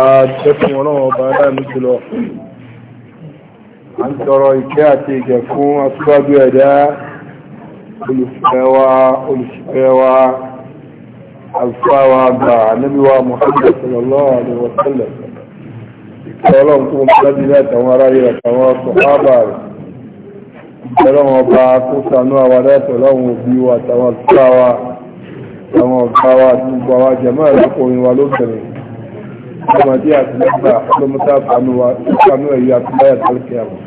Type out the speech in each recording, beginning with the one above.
àjẹ́kùn ọlọ́run ọba aláìmú jùlọ a ń tọrọ ìkẹ́ àti ìgẹ̀ fún aṣíwájú ẹ̀dá olùfẹ́wà olùfẹ́wà alfáwà àgbà anábíwà Muhammad sallallahu alaihi wa sallam ìkẹ́ ọlọ́run tó mú láti ilé àtàwọn ará rẹ̀ àtàwọn ìgbàdí àti nígbà ọlọ́mọdé àbánú wa ìpanu ẹ̀yọ àti báyà tálíkẹ́ àwọn.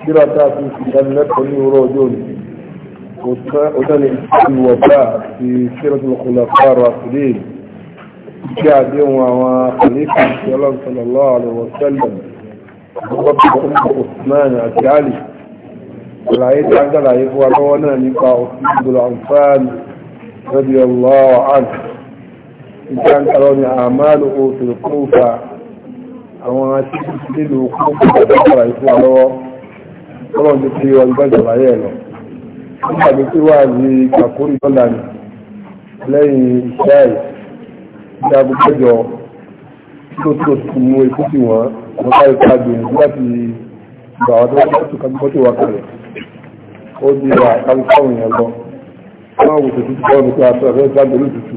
kíra tá a ti fi dánilẹ́kọ̀ọ́ ní òwúrọ̀ ọjọ́ òní òtá ní ìwọ̀bá àti kíra tó lọ́kùnrin àfárọ̀ àfúdé ìgbé àdéhùn àwọn àkàlẹ́kùn ti ọlọ́mọsọ̀lọ́ àlọ́wọ̀ sẹ́lẹ̀ ọgbọ́n Usman àti Ali àlàyé tí a ń gàlàyé fún wa lọ́wọ́ náà nípa Usman ibùdó àǹfààní radiyallahu anhu ìjọba kàrọ̀ ní àmàlù òfin kófà àwọn tí kò sí nílò kófà tó kàrà ìfún wa lọ́wọ́ lọ́wọ́ ní kí wọ́n gbọ́dọ̀ láyé ẹ̀ lọ. nígbà tó kí wà ní kàkórí lọ́la ni lẹ́yìn iṣẹ́ ẹ̀ ní agbẹ́jọ́ tó tó ti mú ikú sí wọn àwọn káyọ̀ ká gbìyànjú láti gbà wọ́n tó wọ́n tó wà kalẹ̀ ó di wà kálukọ́ òyìnbó wọ́n wò tó ti tọ́ ọ́ nípa àtọ́ àfẹ́ sábẹ́ lótùtù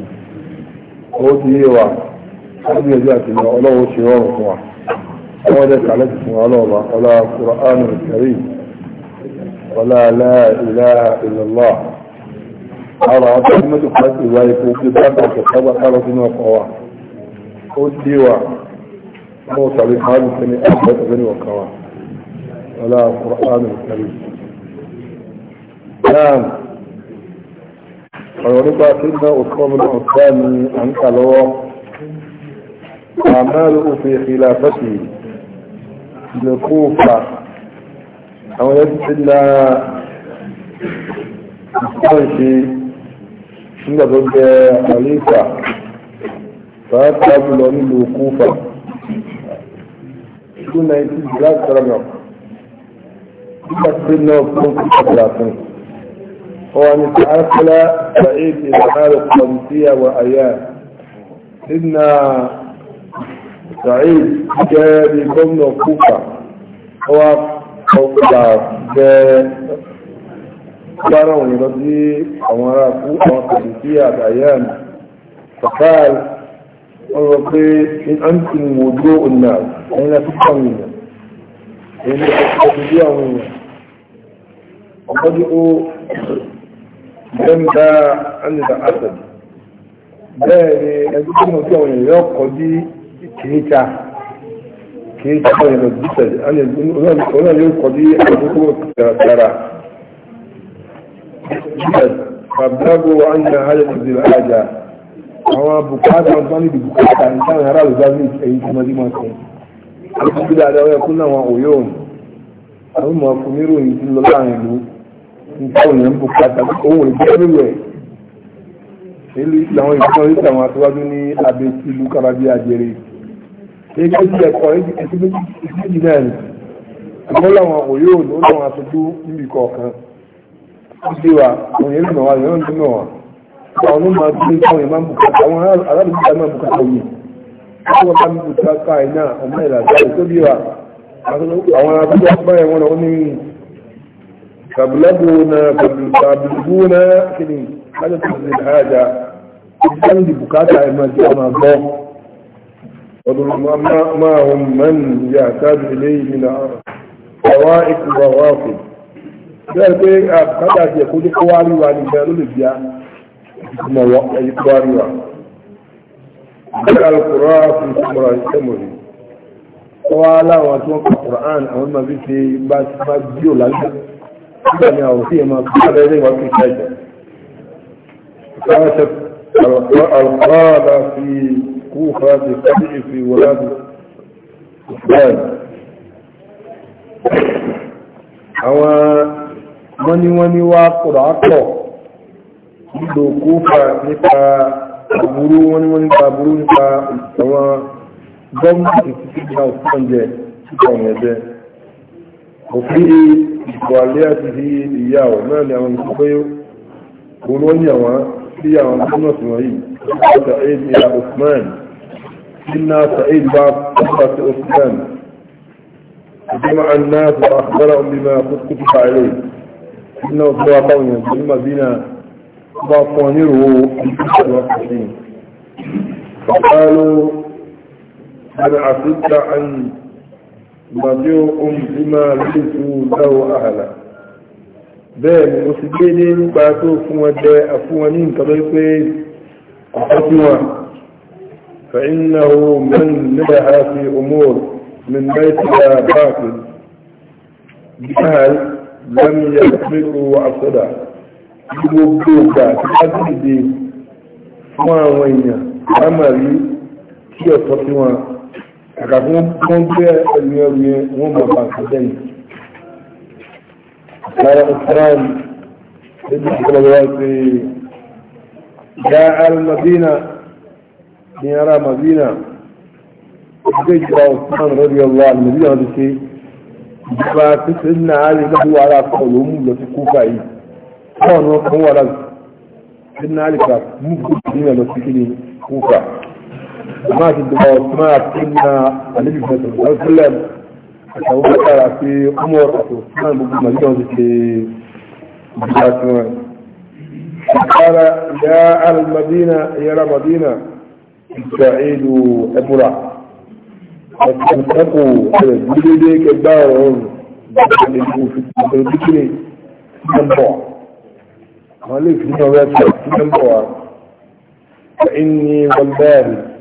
قوتي هو قد يجاك إلا أولوه شوار الله ولا تعلق سوالوه ولا قرآن الكريم ولا لا إله إلا الله على عظيمة قد إبايك وكتابة كتابة على سنة القوة قوتي هو موسى لحال سنة أحد أبن ولا قرآن الكريم نعم ويرضى سيدنا عثمان بن عن قلوه أعماله في خلافته لكوفة أو يدل الصيفي عند ضد خليفة فأتعب لهم لكوفة كنا يتجلال سلام يوم لكوفة وأن من بعيد سعيد إلحاد القادسية وأيام إن سعيد جاء بكم نقوفة هو قوة كانوا يرضي أمراكو وقادسية بأيام فقال الرقي إن أنتم وجوء الناس أين تتمنى أين تتمنى وقد jẹ́ńdà ánìdà asad bẹ́ẹ̀ ni ẹgbẹ́ tí mo tí àwọn èèyàn kọ́ bí kìíta kìíta àwọn èèyàn bí tẹ̀lé ọ̀nà yóò kọ́ bí àdúgbò dára fàbílágò àyìnà ayẹ̀tẹ̀dẹ̀ àjà àwọn bukata wọn ní bukata ní sáwọn ará lùzáàbí èyí tí wọ́n dí máa kọ́ àwọn ìgbìlẹ̀ àdáwọ̀ ẹ̀kún náà wọn òyò àwọn ọmọ ròyìn tí lọ láàrin ìlú nǹkan èèyàn ń bùkátà ohun ìgbẹ́ nílẹ̀ ilé làwọn ìgbẹ́ orí àwọn aṣáájú ní abẹ́ ìlú karabi àjẹrè gẹ́gẹ́ bí ẹ̀kọ́ ìsìnkú náà ni àmọ́ làwọn òye òní ó làwọn aṣojú níbi kọ̀ọ̀kan ó dé wa àwọn èèyàn lùmọ̀ wa èèyàn ń lùmọ̀ wa àwọn ló máa gbé àwọn èèyàn máa àwọn aráàlú máa bùkátà òye wọ́n bá ń bùkátà àìná ọmọ ìlàjá ìtóbi wa àwọn abúlé فابلغونا فابلغونا كده حاجة تنزل حاجة كان دي بكاتا ما جاءنا الله ما هم من يحتاج إليه من فوائد وغافل bẹ́ẹ̀ pé àbùkátà ti ẹ̀kọ́ ní kọ́wárí wa ní ìgbà ló lè bíá ìgbìmọ̀ ẹ̀yí kọ́wárí wa bẹ́ẹ̀ alukura fún ìsọmọ̀rọ̀ ìsọmọ̀rọ̀ kọ́wá láwọn tí wọ́n kọ́ kùrán àwọn ọmọ bíi ṣe bá bí òlàlẹ́ nígbà ni àwọn òfin ẹ̀mọ́ kí ọ̀rẹ́ ilé ìwọ̀n kí ṣẹ́jọ. Ìfẹ́rẹ́ṣẹ́ alfáàdà fi kú fàájì kájí ìfi wọ́ládì Ìfẹ́rẹ́. Àwọn mọ́níwọ́ní wá kùrọ̀ ápọ̀ nílò kú fà nípa àbúrú mọ́níwọ́n nípa àbúrú nípa àwọn gọ́ọ̀mù òfin ìwàlẹ́ àti fi ìyá ọ̀ náà ni àwọn ìpínlẹ̀ òun ló ní àwọn sí àwọn gómìnà tí wọ́n yìí ọjọ́ aid ní ìyá Osman iná Sa'id bá kọ́kọ́ sí Osman ìjọba anna ti wà àkọ́kọ́rà omi máa kó kútu fàálẹ̀ iná ọjọ́ wa báwọn yẹn tó ní Madina bá fún ọ ní ìrò ìpínlẹ̀ wọn kò sí. Fàkàlù àti àfíkà àyìn مرجوع بما لبثوا له أهلا bẹ́ẹ̀ ni mo ti gbé ní nípa tó fún wọn jẹ àfún wọn ní nǹkan lórí pé ọ̀pọ̀tí wọn fẹ̀yìnnáwó mẹ́rin nílẹ̀ àti omor min mẹ́tìlá báàkì bíhàl lẹ́mìyà mẹ́kò àsọ́dà gbogbo ìgbà tí wọ́n ti dìde fún àwọn èèyàn lámàrí tí ọ̀pọ̀tí wọn جاء المدينة نيارا مدينة جيجرا عثمان رضي الله عن المدينة هذه جبا تسعدنا علي له على قول أمو التي كوفا إيه كان وقت هو رجل سعدنا علي كاف مفتو مدينة مسكين كوفا سمعت الدعاء سمعت ان النبي صلى الله عليه وسلم اتوقع في عمر عثمان بن مجنون في عثمان قال يا اهل المدينه يا مدينه استعيدوا امرا واتقوا بلديك الدارهم في الذكر تنبع وليك في نوبات تنبع فاني والله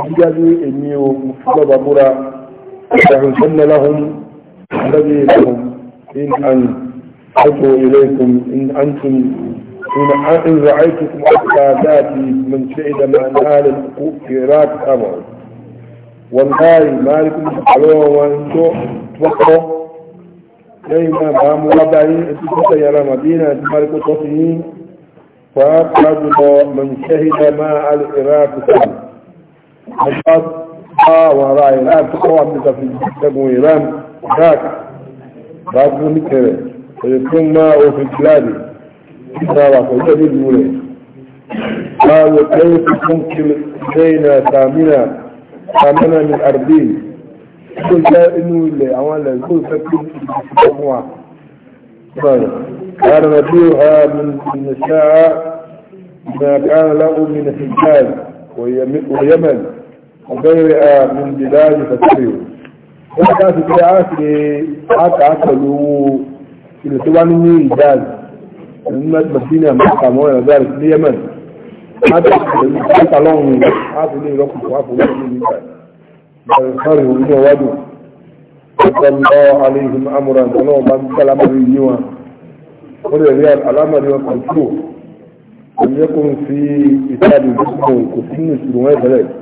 بجاني إنيو مفضل برا فهنسن لهم الذي لهم إن أن أتوا إليكم إن أنتم إن أن رأيتكم أكتابات من شئد ما نال الكرات أمر والله ما لكم تقلوا وانتو توقعوا أي ما بام ربعي أتوا إلى مدينة مالكو توقعين فأقلوا من شهد ما على الإراك أمر عباس آه، وراء الان تقوى بك في الجسد ويران وكاك بعد من كده فيكون ما هو في البلاد إسرائيل فجد الولي قالوا كيف تمكن إلينا ثامنا ثامنا من أربين كل ده إنه اللي عمل كل فكر في المجموعة طيب. كان نبيها من النساء ما كان له من حجاز ويمن وغيرها من بلاد فكريو وكان في كلاس حتى عقلوا إلى طبعا من جاز من مدينة مكة مولا ذلك اليمن حتى حتى لون حتى لي لكم وعفوا لي من بعد فخرجوا إلى وادوا صلى الله عليهم أمرا ولو من كلام اليوم ولريال الأمر يقول لم يكن في كتاب مسلم كفين سلوان ثلاثة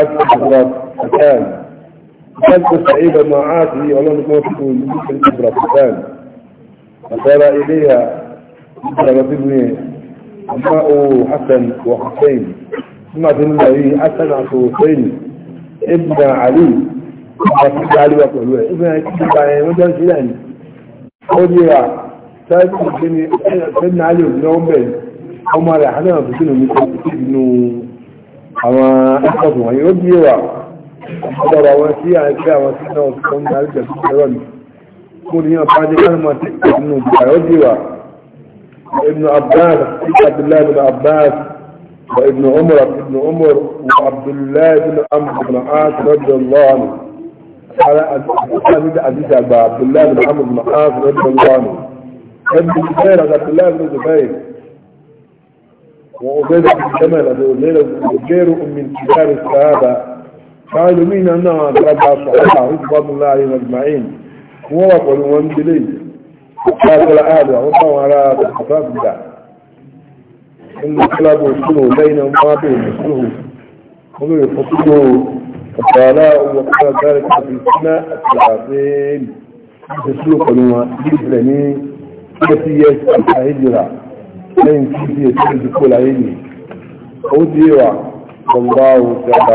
الإبراد الآن قلب سعيد معاته ولم يكن من الإبراد الآن أشار إليها إبراد ابن أماء حسن وحسين ثم الله حسن وحسين ابن علي ابن علي وقلوه ابن علي مجال سلاني قولي سيدنا علي بن عمر عمر حنان بن مسلم بن àwọn ẹ̀kọ́tù wọ̀nyí ó bí wà ọ̀dọ̀rọ̀ àwọn sí àìsí àwọn sí náà tó ń darí jẹ̀ sí ẹ̀rọ ni kó ní ọ̀pá ní kánimọ̀ sí ìpinnu ìgbà ó bí wà ibn abbas sí abdullahi ibn abbas wa ibn umar ibn umar wa abdullahi ibn amr ibn as radiyallahu anhu ala al-asami da aziz agba abdullahi ibn amr ibn as radiyallahu anhu ibn zubair abdullahi ibn zubair وعبيدة بن الليلة وغير من كبار السهابة قالوا مين أنها أقرب الصحابة رضوان الله أجمعين ووقعوا وانجلي قاتل آبا وطوى على الصحابة الله إن طلبوا صلوا بينهم ما بين صلوا هم يفصلوا الطلاء وقال ذلك في السماء الثلاثين يسلوا قلوا الإسلامي التي يجب الهجرة lẹ́yìn tí ti ètò ìdíkò láyé nì ó di wà ọlọ́wọ́ ti eto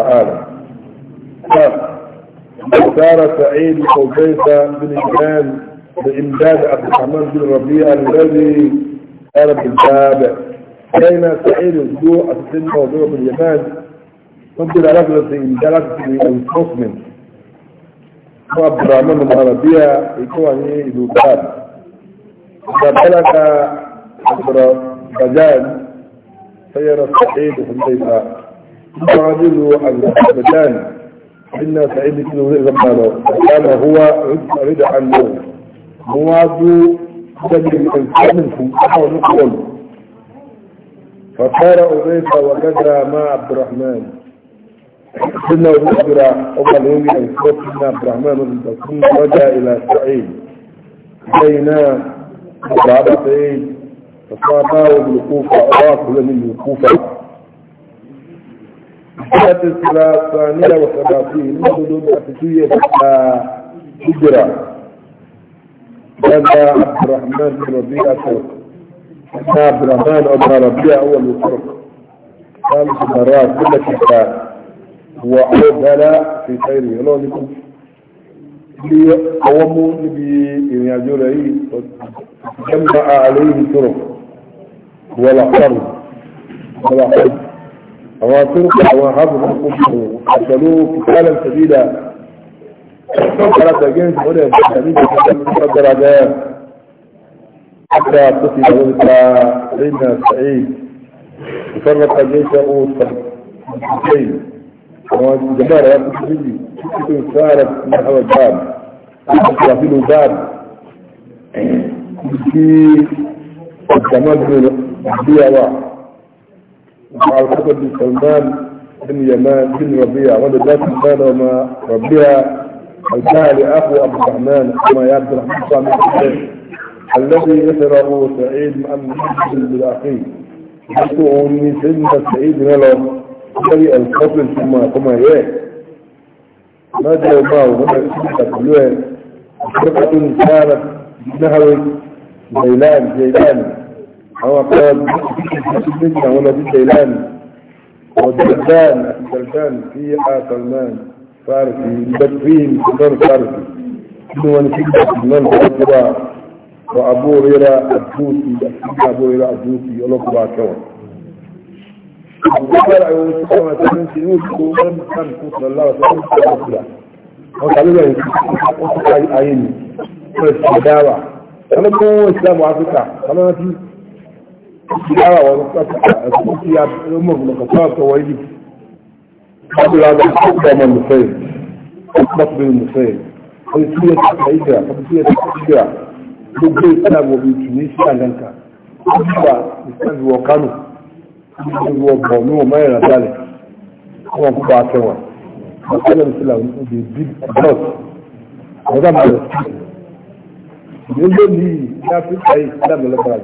عيني laye ni الله di àrà اختار سعيد قبيسة بن إمام بإمداد عبد الرحمن بن ربيع الذي قال بالباب كان سعيد يسجوع السنة موضوع في اليمن ممكن على في إمدادك في الانفوسمنت وعبد الرحمن بن ربيع يكون عن إيه إدوباب فبلغ عبد بدان سير سعيد حذيفة يعادل عن بدان إن سعيد بن زمان كان هو ردعا له مواد تجري الإنسان في أحوال نقول فصار أبيت وجد مع عبد الرحمن سنة وذكر أبا الهوي أن سنة عبد الرحمن ثم رجع إلى سعيد بينا بعد سعيد فصاباه بالكوفة أراكل من الكوفة سنة الثانية وثلاثين منذ أتسوية هجرة هذا عبد الرحمن بن ربيع ترك عبد الرحمن بن ربيع هو الترك خمس مرات كل كتاب وعودل في خير لو نكون لي قوموا بإنياجوره وجمع عليه طرق ولا قرض ولا حج أما ترك أما هذا الحكم قتلوه قتالا سبيلا فلا تجد ولا تجد مقدر ده حتى قتل ولد سيدنا سعيد وفرق جيشه سعيد وجمال يا سيدي كنت سارت من هذا الباب أحد باب في الجمال ربيعة وعلى الخطب بن سلمان بن يمان بن ربيع ولا سلمان وما ربيع الجهل أخو عبد الرحمن كما يا عبد الرحمن صامت الذي يقرأ سعيد من المسلم مؤمن بالأخي امي سيدنا سعيد نلو قري القتل ثم كما هي ما جاءوا معه هم يسوعني كلها فرقة كانت نهوي جيلان جيلان هو قال منها ولد الديلان والدردان الدردان في سلمان فارسي بدرين سلمان فارسي ابن شدة من فارسي وأبو هريرة الدوسي أبو ريرا الدوسي يقول لك بقى كوان وقال أيوه سبحانه وتعالى يوسف الله كان صلى الله عليه وسلم وقال له أصبح عيني فالدعوة أنا بقول إسلام وعفريقيا أنا ìdára wọn pàtàkì tí a mọ̀ lọ́kàtà àtọwọ́ ìlú kábùlá lọ sí ọmọ mùsẹ̀yìn ọ̀pọ̀lọpọ̀ mùsẹ̀yìn ọdún tí yẹ ti ìgbà ọdún tí yẹ ti ìgbà gbogbo ìsìn àwọn obìnrin tù ní sí àgànkà ìgbà ìsìn ìwọ kánò ìwọ ọmọ ẹ̀rọ dálẹ̀ wọn kó bá tẹwà ọ̀pọ̀lọpọ̀ mùsẹ̀yìn làwọn ọdún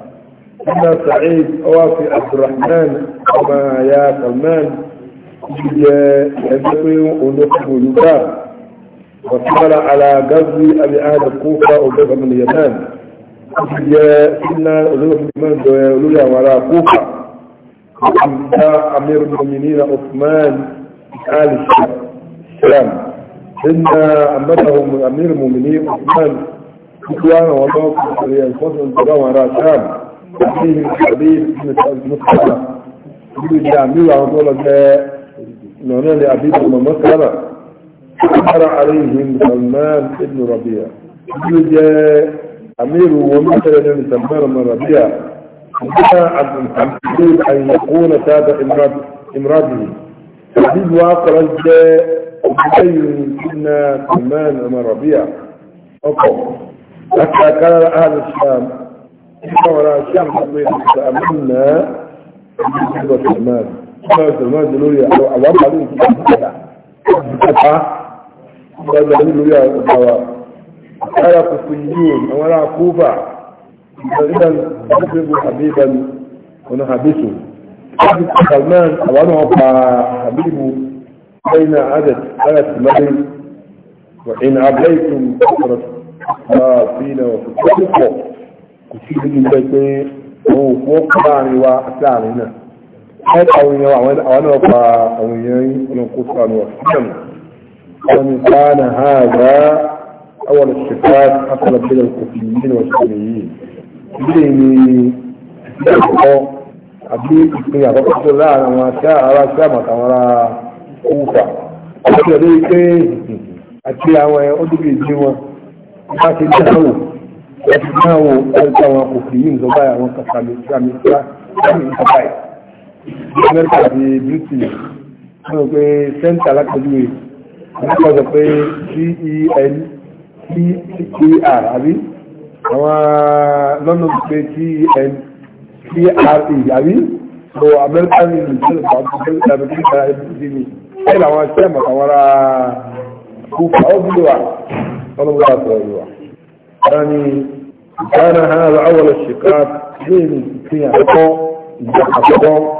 أما سعيد أوافي عبد الرحمن وما يا سلمان يجبقي ونقب يباب وصل على غزو أبي آل الكوفة وقف من اليمن إنا أولوه من دولويا ولا كوفة وحمداء أمير المؤمنين عثمان آل السلام إن أمتهم أمير المؤمنين عثمان كتوانا وضعوا في الفصل وراء الشام فيه الحبيب بن مسلمة بن الجامع وعطولة نعنى لأبيب بن مسلمة أمر عليهم سلمان بن ربيع بن أمير ومثل بن سلمان بن ربيع أمر عبد الحميد أن يكون تابع امراته حبيب واقرا جاء وبين كنا سلمان بن ربيع أقوى حتى كان أهل الشام وراء الشام حقيقة تأملنا بالنسبة سلمان قال سلمان دلول يا عوام عليهم فتحة قال دلول يا عوام قال قصيون وراء كوفة إذا نحبب حبيبا ونحبسه سلمان أوانه حبيبه بين عدد ثلاث مرين وإن عبيتم كثرة ما فينا وفي كل kò sí ibi gbígbẹ́ pé àwọn òkú láàrin wa àti àárín náà ẹ̀ka àwọn èèyàn àwọn náà pa àwọn èèyàn yìí ọ̀nà ọ̀sán wọn ni sáànà àgbà àwọn kò nínú ọ̀sán yìí ilé ni ìpínlẹ̀ àkọ́kọ́ àbí ìpínlẹ̀ àkọ́kọ́ tó láàrin àwọn àmàtàwọn ará òwúfà ọ̀sán àti àwọn ọdún bíi wọn ẹ̀sì náà wò ẹ̀sì àwọn òkè yìí nǹkan báyìí àwọn kàkà lè fi àmì ìfúra láàmì nǹkan báyìí amẹ́ríkà àti britain wọ́n rò pé sẹ́ńtà alákọ̀ọ́júwe wọ́n kọ́ sọ pé tel tel àbí àwọn lọ́nà pé tel pre àbí so amẹ́ríkà ní ìlú tẹ́lẹ̀ fún àwọn amẹ́ríkà ní ìlú tẹ́lẹ̀ fún àwọn ẹ̀rọ àwọn sẹ́ẹ̀mù àtàwọn ará kúfà ó bí wà ọlọ́mọdé àtọ̀rọ̀ wà. يعني كان هذا أول الشقاق بين في عقاب وحقاب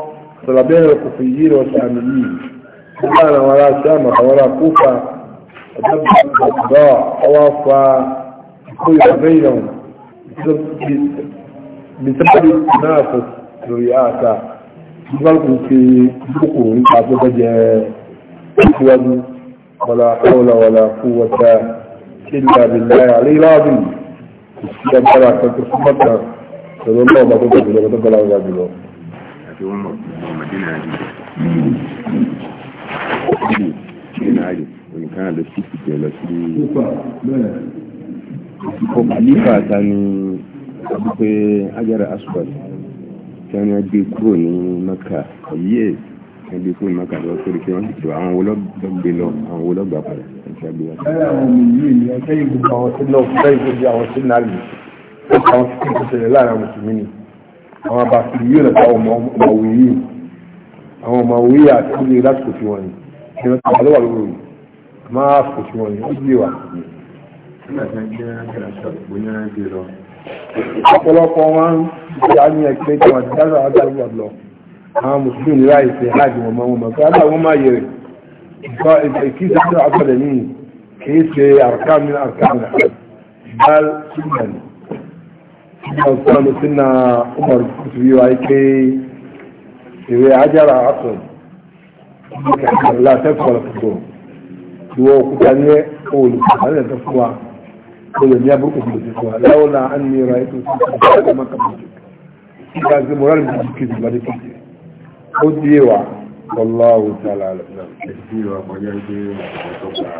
بين الكوفيين والشاميين كان ولا شامخ ولا كوفة وجب القضاء ووفى بينهم بسبب التنافس الرئاسة بل في بعد تعتقد ولا حول ولا قوة إلا بالله علي العظيم sí agbára àtọ́tọ́ fún bàtà pẹ̀lú náà bá tó tó jùlọ tó gbọ́lá ọ̀gá jùlọ. àti wọn mọ̀ ọmọdé náà rí ọmọdé náà rí nǹkan àlọ́ sí ẹbí fún ìmọ̀ká lọ sórí kí wọ́n tó àwọn olóògbé lọ àwọn olóògbà padà ẹ̀ṣẹ́ àgbé wọn. ẹ̀rọ àwọn ọmọ yìí ni ẹgbẹ́ ìlú àwọn tí lọ fẹ́ ìgbésí àwọn tí náà lè àwọn tí kò ṣẹlẹ̀ láàrin àwọn mùsùlùmí ni àwọn abàfi yìí rẹ̀ táwọn ọmọwé yìí àwọn ọmọwé yìí àti ọmọ yìí láti kò fi wọn ni ẹ̀rọ tó wà lọ́wọ́ lórí máa kò fi wọn ni ó gbé wa. ọ̀pọ̀lọpọ̀ wọn ń ṣe àníyàn pé kí wọ́n ti dáná àwọn mùsùlùmí ní láì ṣe hajj wọn máa wọn máa fẹ́ aláwọ̀ máa yẹrẹ kí sáré àgbàdo yìí kì í ṣe àrùkámi àrùkámi ìbáàl sílẹ̀ ní. Ìgbà òṣùwọ̀n ló sínú Umar Kùtù yìí wáyé pé ìwé ajára àtọ̀ ìgbà tẹ́kọ̀ọ́ lọ́kùtù ìwọ òkúta ní olùkọ́ àlẹ́ tó fún wa olùmí abúrúkú fún wa láwọn náà á ní ra ètò ìsìnkú ìgbà tí mo rárá ìdíjú kejì lọ́dún kejì ó di wà ọlọ́wọ́ tààlà ẹ̀sí wà kọjá pé ọ̀tọ́gbà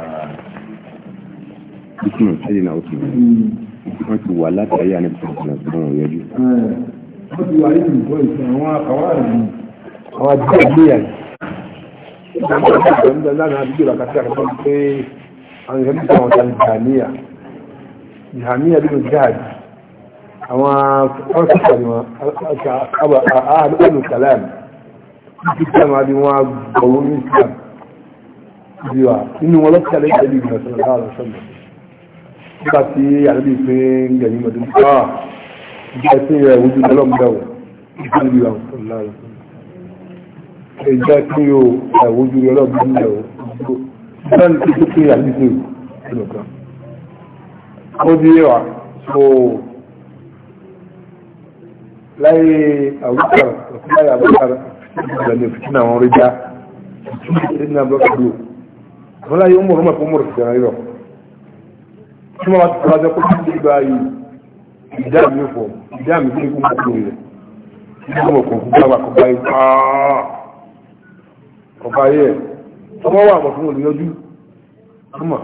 ìkùnà sẹ́yìn náà ó ti wọ́n ti wà látàrí àní pọ̀lọpọ̀lọ tó wọ́n yọjú. ó ti wà ní ìbò ìsìn àwọn àkàwà rẹ̀ àwọn àjọ ìgbéyà yìí. ìgbà náà náà àdúgbò làkàtà àkàtà pé àwọn ìrẹ́lẹ̀ tí wọ́n ta ní jàmíà jàmíà bí mo jáde àwọn ọ̀sán ni wọ́n àdúgbò kàlámù títà máa bí wọ́n gbọ̀wọ́ ní ìsìlá bí wa nínú wọn lọ́pẹ́ alẹ́ ìtẹ́lẹ̀ ìgbà sọ̀rọ̀ láàrọ̀ sọ̀rọ̀ nígbà tí àdébí pé ń gẹ̀ ní mọ̀tò nípa ìjọ sí rẹ̀ ojú ọlọ́mọdéwọ̀ ìtẹ́lẹ̀ ìgbà sọ̀rọ̀ láàrọ̀ ìjọ láyé àwùjọ àti ìgbàlẹ̀ fìtínà àwọn orí já ìtúnṣe náà bọ́ọ̀kì dúró wọn láyé ó mọ̀rọ̀ mọ̀kún mọ̀rọ̀ fìtínà rírọ̀ tí wọ́n bá ti tọ́jú pé kí ní bá yìí ìdá mi fọ̀ ìdá mi fún ikú mọ̀kún rẹ̀ ìdá mọ̀kún fún bá wà kó bá yìí pàà ọba yẹ ọmọ wà mọ̀ fún olùyọjú ọmọ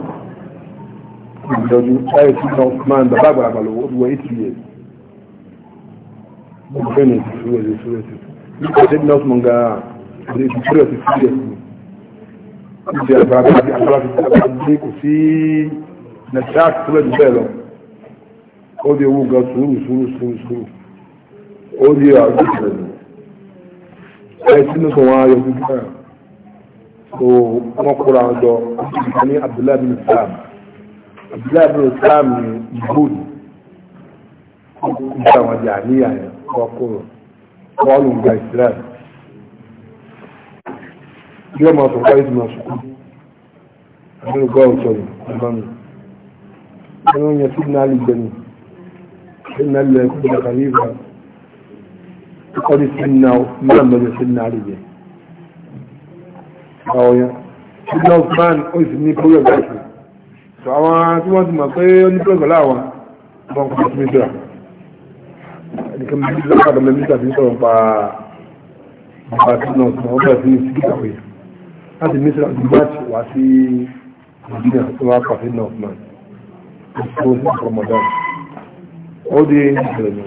olùyọjú táyé tí wọn máa ń bàbá àgbàlagbà lọ́wọ́ ó ti wọ 80 years mo fẹ́ ní ìfúrẹ́sì ìfúrẹ́sì nípa ṣe ní ọ̀sùn ga ṣe ìṣúrẹ̀ ti sílẹ̀ sí ìṣe àgbàgbà àti àkàlàfi àgbàgbé kò sí nàìjíríà tó lẹ́nu bẹ́ẹ̀ lọ ó di owó ga sùúrù sùúrù sùúrù sùúrù ó di àgbà ìṣẹ̀lẹ̀ ní ẹ̀ sínú sọ wọn ayọ̀ gbígbà so wọn kóra wọn jọ ní Abdullahi bin Islam Abdullahi bin Islam ní ìgbóni ó kúta wọn jà níyà yẹn kọ́ kúrò wọ́ọ̀lù gba islam yóò máa sọ káyọ̀ máa sùkú àbẹ̀rẹ̀ gbọ́ ọ̀tọ̀ ni ọba mi wọ́n yóò yẹn sínú àlè gbẹ̀mí sínú àlè ẹ̀kọ́ ìgbà kan yìí bá ọkọ̀ ní sínú náà mẹ́rin sínú àlè yẹn àwọn yẹn sínú Usman ó sì ní kórè ọ̀gá ìsìn àwọn tí wọ́n ti mọ̀ pé ó ní kórè ọ̀gá láwọn ọmọkùnrin tó ń bẹ̀rẹ̀ nìkan bí ló pàdé mẹ́bí tàbí sọ̀rọ̀ pa bàbá tí náà sọ̀rọ̀ wọ́n bẹ̀rẹ̀ sí ní sí kàwé láti ní sọ̀rọ̀ máàtì wá sí ìdílé tó wá pàṣẹ náà fún mi tó sí ọmọdé ó dé ìṣẹ̀lẹ̀ mi.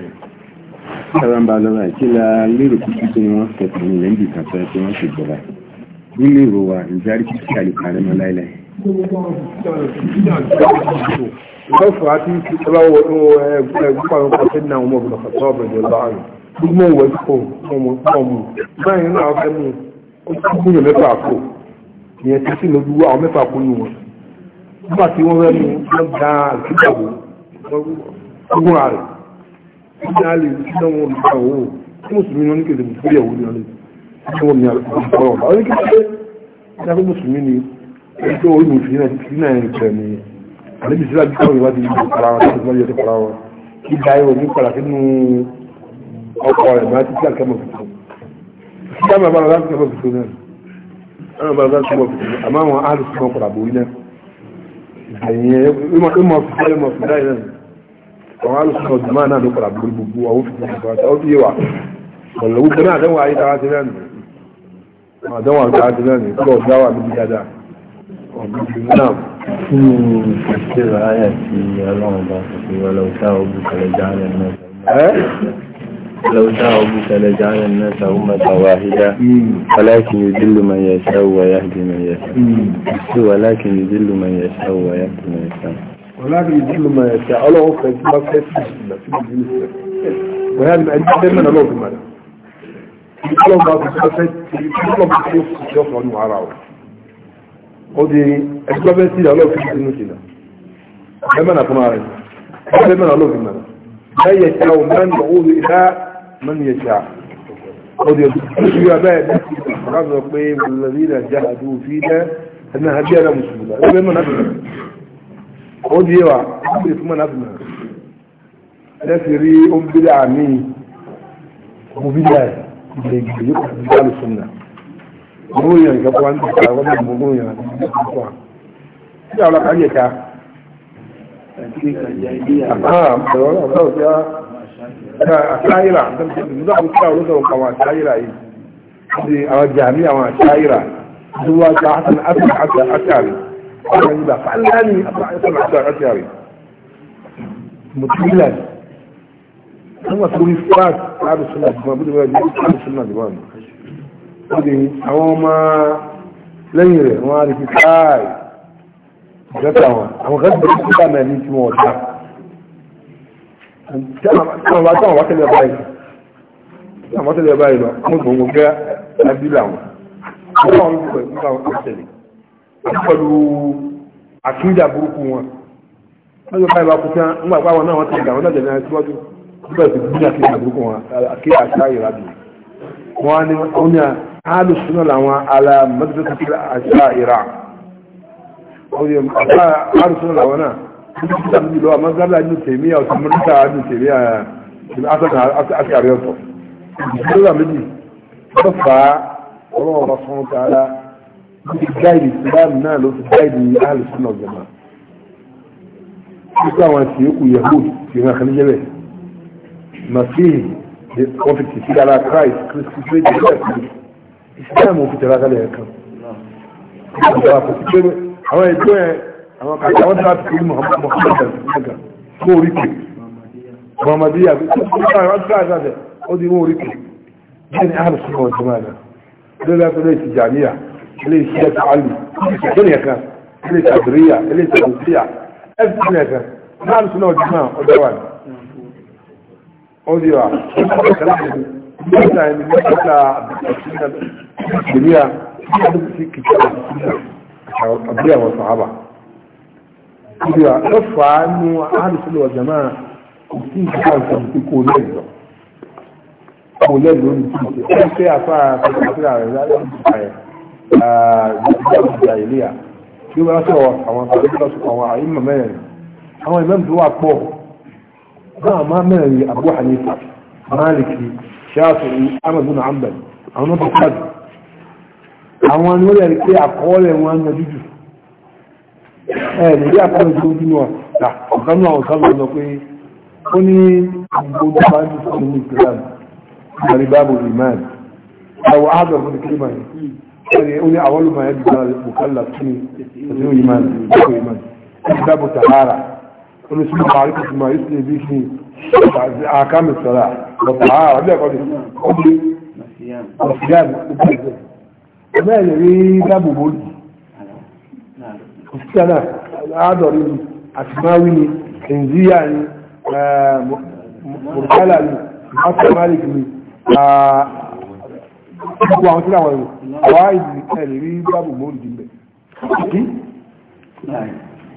Karamba lọ́la kí la lérò kúkú tó ni wọ́n fẹ̀tẹ̀ ní lẹ́yìn ìkàtọ́ wọ́n ṣe gbọ́ra. Nílé ìrò wa ìjárí kíkà lè parẹ́ mọ́ láéláé ìgbọ́fọ̀ àti ìṣẹ́láwọ̀ ẹgbùpàwọn pàtẹ́ náà ọmọ ọ̀gbọ̀n pàtẹ́ ọ̀bẹ̀jẹ̀ láàrin gbogbo wọ̀ ẹ̀kọ́ ọmọ ọmọ báyìí náà fẹ́ mú ó tún kúnyẹ̀ mẹ́fà kò ìyẹn tí sí ló dúró àwọn mẹ́fà kò ní wọn nígbà tí wọ́n rẹ́ mú wọ́n dá àgbégbàwó ọgbọ́n rẹ̀ ní alẹ́ ìṣúná wọn olùgbàwó tí èyí tó orí òfin náà ti náà ń tẹ̀ ní àlejò sílá bí káwọn ìwádìí ìlú para wọn láti ìwádìí ọdún para wọn kí dáyé wọn ní padà sínú ọkọ rẹ̀ máa ti kíkà kẹmọ tuntun kí dáhùn bàbá rẹ̀ láti kẹmọ tuntun náà ẹnu bàbá rẹ̀ kẹmọ tuntun àmọ́ àwọn àlù sí wọn padà borí náà àyẹ̀yẹ ìmọ̀ fìdá ìmọ̀ fìdá yìí náà àwọn àlù sí wọn jùmọ̀ náà ló padà borí gbogbo àwọn fìdá ìfọwọ́sọ ó fi yé wa ọ̀lọ́wọ́ gbọ́dọ̀ àdéhùn àyíká wa ti náà nù àdéhùn àyíká wa ti náà nù kúrò dáwà níbi dáadáa نعم لو شاء لجعل الناس أمة واحدة ولكن يذل من يشاء ويهدي من يشاء ولكن يذل من يشاء ويهدي من يشاء ولكن يذل من يشاء الله أخرج ما في السنة وهذا أنت دائما الله في المعنى الله ما في السنة يقول الله ما في السنة يقول الله ó di ẹgbẹ́ bẹ́ẹ̀ sí ìyàwó òfin sínú sílẹ̀ ẹ mẹ́nà fún ara rẹ̀ ẹ mẹ́nà olóòfin mẹ́nà bẹ́ẹ̀ yẹ ṣe àwọn mẹ́rin lọ òru ìdá mẹ́rin yẹ ṣe à ó di ẹgbẹ́ sí ìyàwó bẹ́ẹ̀ bẹ́ẹ̀ sí ìyàwó sọ pé wùlọ́rí rẹ̀ jẹ́ àdúgbò fi dẹ́ ẹ̀nà àbí ẹ̀rẹ́ mùsùlùmí ẹgbẹ́ mẹ́nà fún mẹ́rin ó di ẹwà ó di fún mẹ́nà fún mẹ́rin ẹ sì rí ó ń bí buruyan ga kwan da wannan buruyan kwan ya wala kariya ta ah da wala ba ya ta asaira dan da ku ta wala da kwan asaira yi di a jami'a wa asaira zuwa ga hasan asal hasan asari wannan da fallani asal hasan asari mutilan kuma sun fara tsara suna kuma bude mai tsara suna da wannan ọdí àwọn ọmọ lẹ́yìn rẹ̀ wọ́n á rí fi káàì ìjọta wọn àwọn kan ti bẹ̀rẹ̀ síta mẹ́rin tí wọ́n dá táwọn bá táwọn wá tẹ́lẹ̀ báyìí táwọn wá tẹ́lẹ̀ báyìí lọ wọ́n gbọ̀ngbọ̀n gẹ́ abílà wọn wọ́n wọ́n pẹ̀lú nípa àtẹ̀lẹ̀ pẹ̀lú àtúndà burúkú wọn wọ́n yọ báyìí bá kú tán nígbà pàwọn náà wọ́n ti gbà wọ́n náà náà síwájú nígbà tí gbúdà kí àbúrúkú wọn àkíyà àṣà ìrádìí wọn á àálù súnà làwọn ala mọ́tòtò àṣà ìrà àálù súnà làwọn náà nígbà tí lọ àmọ́ sábà ní tèmi ọ̀sán mọ́tòtò àdùn tèmi àti àrẹ ọ̀tọ̀ ìdílé méjì ló fà á ọlọ́wọ́ bá fún ọ̀tá ara ló ti gáìdì ìsìlámù náà ló ti gáìdì àálù súnà ọ̀gbẹ̀mọ̀ nígbà àwọn tí ó kù yahoo ti ràn kan níjẹ́bẹ̀ masihi wọ́n fi tìsí dára christ christ christ christ islam ò fi tẹ̀lé akálẹ̀ yẹn kan àwọn ẹgbẹ́ ẹ àwọn kàkà wọn dábàá tó ní muhammad muhammad ẹ̀ka kó orí pè muhammadiya ó di wọn orí pè bẹ́ẹ̀ ni ahàlù sọ́kọ̀ ọ̀tọ́ máa dà lórí ẹgbẹ́ lè tìjàníyà lè ṣiṣẹ́ tó alì ìṣẹ́ni ẹ̀ka lè tàbíríyà lè tàbíríyà ẹ̀fíìsì ẹ̀ka náà lùsọ́nà ọ̀dọ́ máa ọ̀dọ́ wà ní. ó di wa ó sọ́kọ̀ ọ̀tọ́ mẹ́ta ẹni mẹ́ta àbíyà sí kìkì àbíyà wọn sàábà ìdíwà ló fà á ní àdùsílẹ̀ ọ̀jọ̀ náà kò sí ìdíwà ìsọ̀rọ̀ tí kò lẹ́yìn lọ kò lẹ́yìn lórí tí kò sí ṣe àfà àfẹ́rà rẹ̀ láyé ìdíwà rẹ̀ ìdíwà ìdíwà tí ó bá sọ̀rọ̀ àwọn àwọn àìmọ̀ mẹ́rin àwọn ìmọ̀ tó wà pọ̀ náà má mẹ́rin Abu Hanifa Maliki Shafi'i Ahmad bin Hanbal àwọn ọmọ pàdé àwọn ni ó lẹ́rí pé àkọọ́lẹ̀ wọn ń yanjú jù ẹ̀ẹ̀lẹ̀ bí àkọọ́lẹ̀ tó bí wọn là ọ̀kan náà ọ̀kan lọ sọ pé ó ní gbogbo bá ń sọ ní Islam ìgbàlẹ̀ báàbò imam àwọn àgbà wani su bari ka kuma yusu ne biki a kamun sara ba ta a rabi a kwari kwari kwasiyan ọmọ ẹ̀yẹ̀ rí dábò bó lù kòsítíà náà àádọ́rin ni àtìmáwí ni kìnzíyà ni mọ̀rọ̀kálà ni mọ́tàmálìkì ni gbogbo àwọn tí àwọn ẹ̀rọ àwọn ìdí ẹ̀rẹ̀ rí dábò bó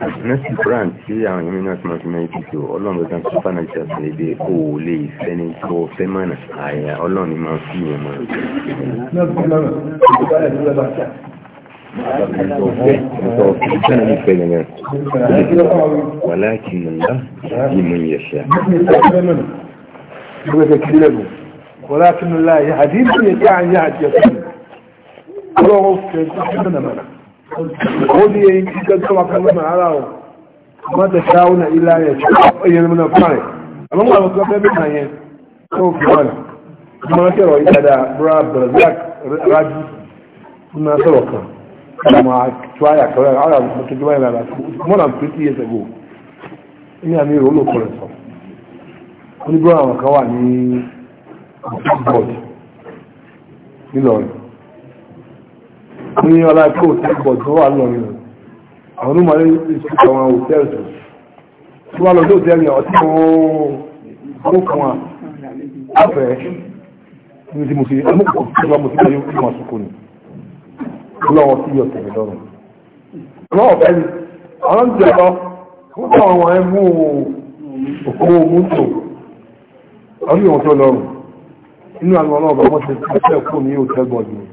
nọ́ọ̀sì brand tí àwọn èèyàn náà ti máa fi mẹ́rin títò ọlọ́run lọ́sàn tó bá náà ṣàṣẹ lédè kó o lè fẹ́ ní tó fẹ́ mọ̀nà àyà ọlọ́run ni máa fi yẹn mọ̀. ولكن الله يهدي من يشاء ولكن الله kodi ya yi gaggawa kalmar arawa amma da shawuna ila ya ce ƙwayar muna fara amma ba su kafa bin hanyar kawo kimanin kuma na kewa da brad brazak raji suna sarauka kuma tuwaya kawai ara mutu juwaya na rasu kuma na fiti ya tsago ina ne rolo kurinsa wani brown kawa ni board ni lori ní ọlá kí ò sí pọ̀ tó wà lọ́rin rẹ̀ àwọn onímọ̀ ní ìsìnkú àwọn òtẹ́ẹ̀lì tó wà lọ́dọ̀ òtẹ́ẹ̀lì ọtí wọn kan wà afẹ́ ní ti mo fi amúkọ̀ tó bá mo fi kọ́ yóò fi mọ̀ sókò ní lọ́wọ́ sí ọ̀tẹ̀ mi lọ́rùn lọ́wọ́ fẹ́ ni àwọn ń jẹ́ lọ wọ́n tọ́ àwọn ẹ̀ mú òkú ogun tó ọdún ìwọ̀n tó lọ́rùn inú àwọn ọlọ́ọ̀bà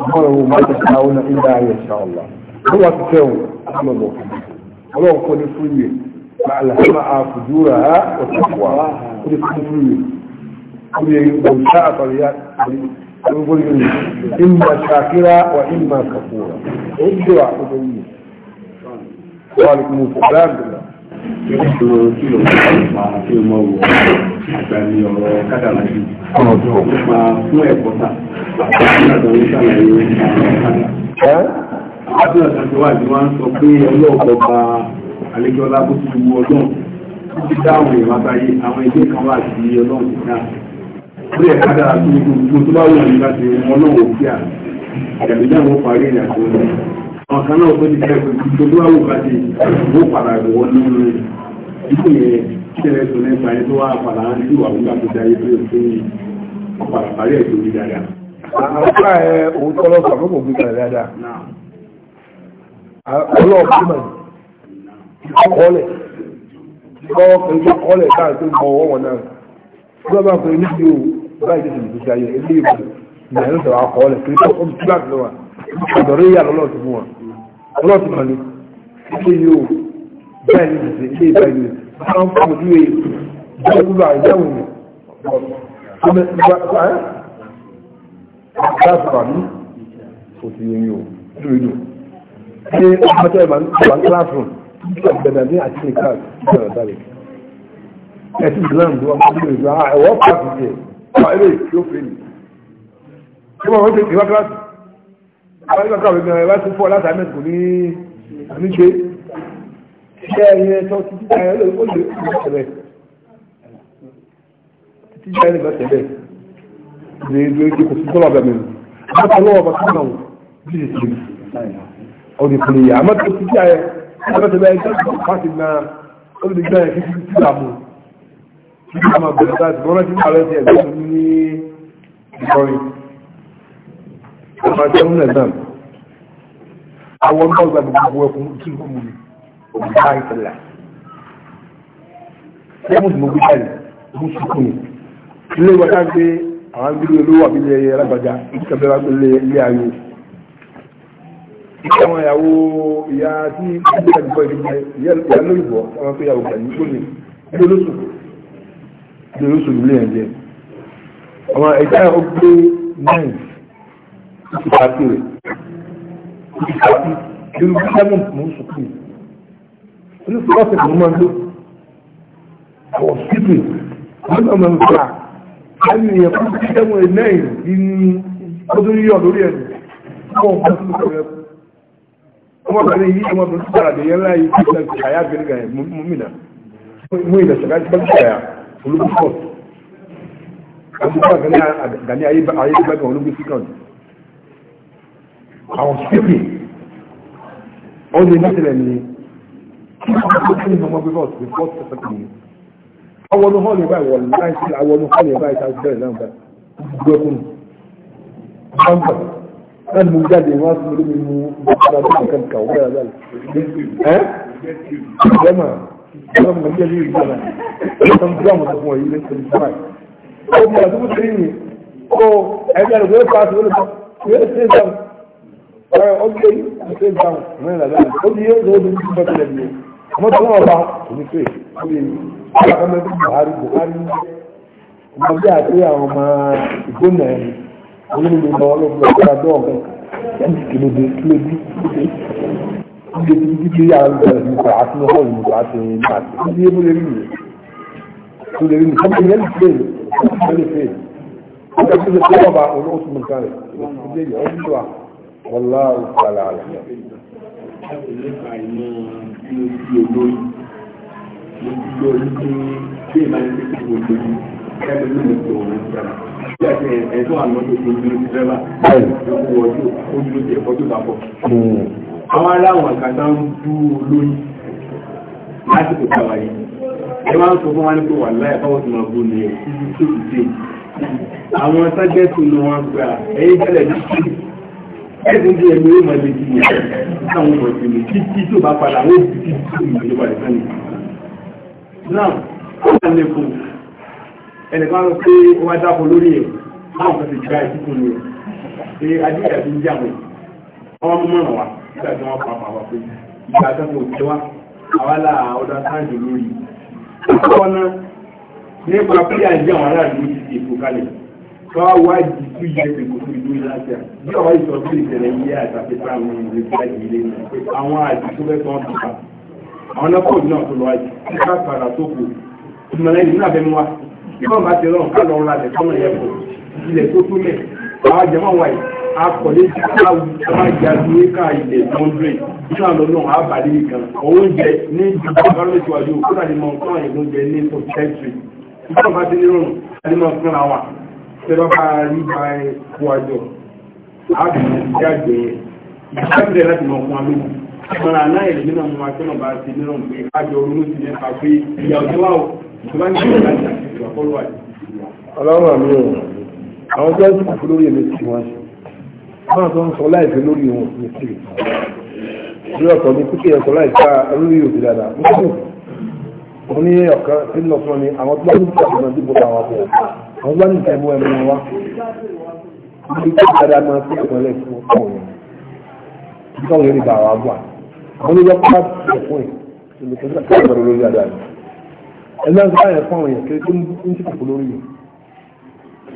هو ما تشاءون إلا أن شاء الله هو تساوي أحمد وحمد الله قد فيه فألهمها فجورها وتقوى قد فيه قد لو شاء الله يقول إما شاكرا وإما كفورا yóò kí ló pa kí ló mọ wọ àgbà ní ọ̀rọ̀ kádàlá yìí nípa fún ẹ̀kọ́ ta àti àgbà ní sàlàyé àwọn kádà. Adúlá tàbí wà ní wọ́n sọ pé ọlọ́ọ̀pọ̀ bá Alẹ́kíọ́lá bó ti wu ọlọ́run títí dáhùn ìwà báyé àwọn ẹgbẹ́ kan wà sí ọlọ́run ti dáhùn. Bí ẹ̀ka dára tó gbogbo tó àwọn kan náà tó ti tẹ́ ìṣojú àwọn òkàtì ó padà wọ́n ní ọ̀rẹ́ ìlú yẹn kíkẹ́rẹ́ tó nípa ẹni tó wá padà ń sí ìwà nígbà tó dáyé pé òfin ọ̀padà parí ẹ̀ tó rí dáadáa. àwọn ọ̀gá ẹ̀ òun tọ́lọ́ sàmọ́ kò gbé dáadáa. ọlọ́ọ̀kú mọ̀ ìkọ́kọ́lẹ̀ ìkọ́kọ́lẹ̀ káàkiri mọ̀ ọwọ́ wọn náà ọ̀dọ̀rẹ́ yà lọ́lọ́ọ̀tì fún wọn ọlọ́ọ̀tì kan ní ilé yóò bẹ́ẹ̀ ní ìdíje ilé ìgbà yìí wọ́n fún ojú ẹ̀ bẹ́ẹ̀ gbúgbà ìjáwé ni láti wà ní òtí yẹn yóò dúró inú ṣé ọmọdé ẹ̀ máa ń classroom títí ọ̀gbẹ̀dẹ̀ ní àti ní class títí ọ̀rọ̀ dáre ẹ̀sìn islam ló wà fún ìlú ẹ̀wọ́ pàtó jẹ ọ̀ ẹ̀rẹ́ yóò fẹ́ mi. ṣé àwọn ìgbà kàwé gan ẹ̀rọ ti fọ́ láti àmì kò ní níṣe iṣẹ́ ẹ̀yẹ tó ti ti ayẹ lè ó lè tẹ̀lẹ̀ ti ti ayẹ lè tẹ̀lẹ̀ ní ìlú èdè kò sí tọ́lọ̀ bẹ̀rẹ̀ àwọn kan lọ́wọ́ bàtà náà bí ti ti ọ̀ ní kùnìyà àmọ́ tó ti ti ayẹ ẹ̀rọ tẹ̀lẹ̀ ẹ̀jẹ̀ tó pàṣẹ náà ó lè gbá ẹ̀ kí ti ti dààmú kí ti máa ọmọ ẹgbẹ̀rún náà àwọn ọmọ ọgbà gbogbo ẹkùn tí ó mú mi ọgbà ìfẹ̀lá lẹ́mù tí mo gbé jáde mú sùkú mi ilé wa ká gbé àwọn agbélé olówó àbílẹ̀ ẹyẹ alágbàjá ìkàbẹ̀ wa gbélé ilé ayò ìkà àwọn ìyàwó ìyá tí ìgbésẹ̀ àdìgbò ìdíjẹ ìyá lóyìnbó àwọn akẹ́yàwó gbàgbé gbóni ilé olóṣù ilé olóṣù ilé ẹ̀jẹ̀ àwọn ẹ̀jẹ̀ ó gbé náà ìfàtí rẹ̀ ìfàtí lórí sẹ́gun mú sùkú ní sọ́ọ̀sì tó máa ń lò ọ̀ sípè wọ́n náà máa ń fà láti ìyẹn fún sẹ́gun ẹ̀ náà yìí ní ọdún yíyọ̀ lórí ẹ̀ fún ọ̀pọ̀ tó lọ rẹ̀ ọmọbìnrin yìí ọmọbìnrin tó dára lèyẹn láàyè tó ṣe àyà gẹ́gẹ́ yẹn mú mi I was speaking. All the Muslim ni kí ọmọ bí bọ́ọ̀sì bí bọ́ọ̀sì tẹ̀sán kì í. Àwọn ọmọ hàn lè báyìí wọ̀ láì sí àwọn ọmọ hàn lè báyìí sáà bẹ̀rẹ̀ náà bẹ̀rẹ̀. Gbogbo ẹkún. Bámbà náà ni mo jáde wọ́n á sì mú mi mú bàbá tó kàn kà ó bẹ̀rẹ̀ báyìí. Ẹ́ Bẹ́ẹ̀mà ọ̀rọ̀ mi jẹ́ ní ìlú náà. Ọ̀sán bí àwọn ọmọ yìí lè ṣe ní báyìí. Ó bẹ̀rẹ̀ tó kú sí ní. Ó ẹgbẹ́ rẹ̀ ọ̀rẹ́ ọgbẹ́ ìṣe ìdáhùn àwọn ọmọ ìgbónà ẹni olóòlù ọmọ ọlọ́gbọ̀n ọ̀gá dọ́ọ̀ ọlá òkàlà rẹ̀. nípa ìmọ̀ bí o ti olóyún mo ti gbọ́ wípé bí ìmọ̀ ẹni tí kò lè ní kẹ́mi ló lè tó òun sára. bí àti ẹ̀dọ́ àná tó ti dúró sí dẹ́rẹ́bà ló kó wọ́n tó ó dúró sí ẹ̀kọ́ tó bá bọ̀. àwọn aláwọ̀ àkàtà ń dú olóyún lásìkò táwa yìí ẹ máa ń sọ fún wa ní pé wà láyé báwo ti máa bú ni ẹ̀ títí tó ti dé. àwọn sájẹ́tù ni wọ́n gbà ẹ̀yìn tẹ́lẹ̀ ní ẹ̀sìn tí ẹ̀mí yóò máa lè di ìyẹn táwọn ọmọ ìpínlẹ̀ títí tó bá padà wọ́n ti ti tó ìjọba ìsánì. náà wọ́n máa lè fún ẹnìkan lọ pé ó wá dáko lórí ẹ̀ láwọn kan ti gba ẹ̀ títún ní ẹ̀ pé adéyà ti ń jà wọ̀ ọmọ mú mọ̀ràn wa nígbà tí wọ́n pa àpapọ̀ pé ìgbà tó kò jẹ́ wá àwa là ọ̀dà sáǹdì lórí. àkọ́kọ́ náà nípa pé àìjẹ́ àwọn aráàlú ti ti èkó bí ọ̀rọ̀ ìsọ̀ sí ìṣẹ̀lẹ̀ ilé àtàkìtà àwọn ìrètí àjì ilé ni àwọn àjì tó fẹ́ tán bùkà àwọn nọ́pọ̀ náà tó lọ àjì tí ká padà tó kù ìmọ̀lẹ́ ìlú náà fẹ́ mú wa bí wọ́n bá ti rọrùn ká lọ ra lẹ̀kọ́ náà yẹ kù ilẹ̀ tó tún lẹ̀ àwọn àjẹmọ́ wa yìí akọ̀lé tí a máa jà ní ká ilẹ̀ hundred nínú àlọ́ náà á bàdé nìkan oúnjẹ ní ìjọba bárẹ́tì wájú kúrò àdìmọ̀ nǹkan àyẹ̀lóúnjẹ ní sub-century ìjọba ti ní rọrùn àdìmọ̀ fúnra wa tẹ́lọ́pá rí bá ẹkú àjọ ààbò ìjáde ìjáde láti mọ̀ fún alóhùn ìmọ̀ràn aláìlẹ̀ nínú àwọn akẹ́nà bá ti nínú pé àjọ orúkú ti nípa pé ìyàwó wà ó ìjọba ní ìjọba láti àkíyèsí àkọlù àjọ. ọlọ́run àmì ò àwọn tó ń kú lórí èmi tí wọ́n ṣe wọ́n tó ń sọ láìpẹ́ lórí wọn ní sí ìlú ọ̀tọ̀ ní kúkẹ́ ẹ̀kọ́ láìpẹ́ lórí òbí dáadáa ní kúkẹ́ òní ọ̀kan tí ń lọ fún ọ ní àwọn tó bá ń àwọn bá ní ìtẹ̀mú ẹ̀mú wa ibi tó dáadáa máa fi ìpínlẹ̀ fún ọ̀pọ̀ yẹn nígbà wọlé nígbà wà wà àwọn oníjọ pa ẹ̀fọ́ yẹn olùkọ́sí àti ìgbàlódé lórí dáadáa ni ẹ̀mí àti báyẹn fún àwọn yẹn kí ló ń ti kòkó lórí yẹn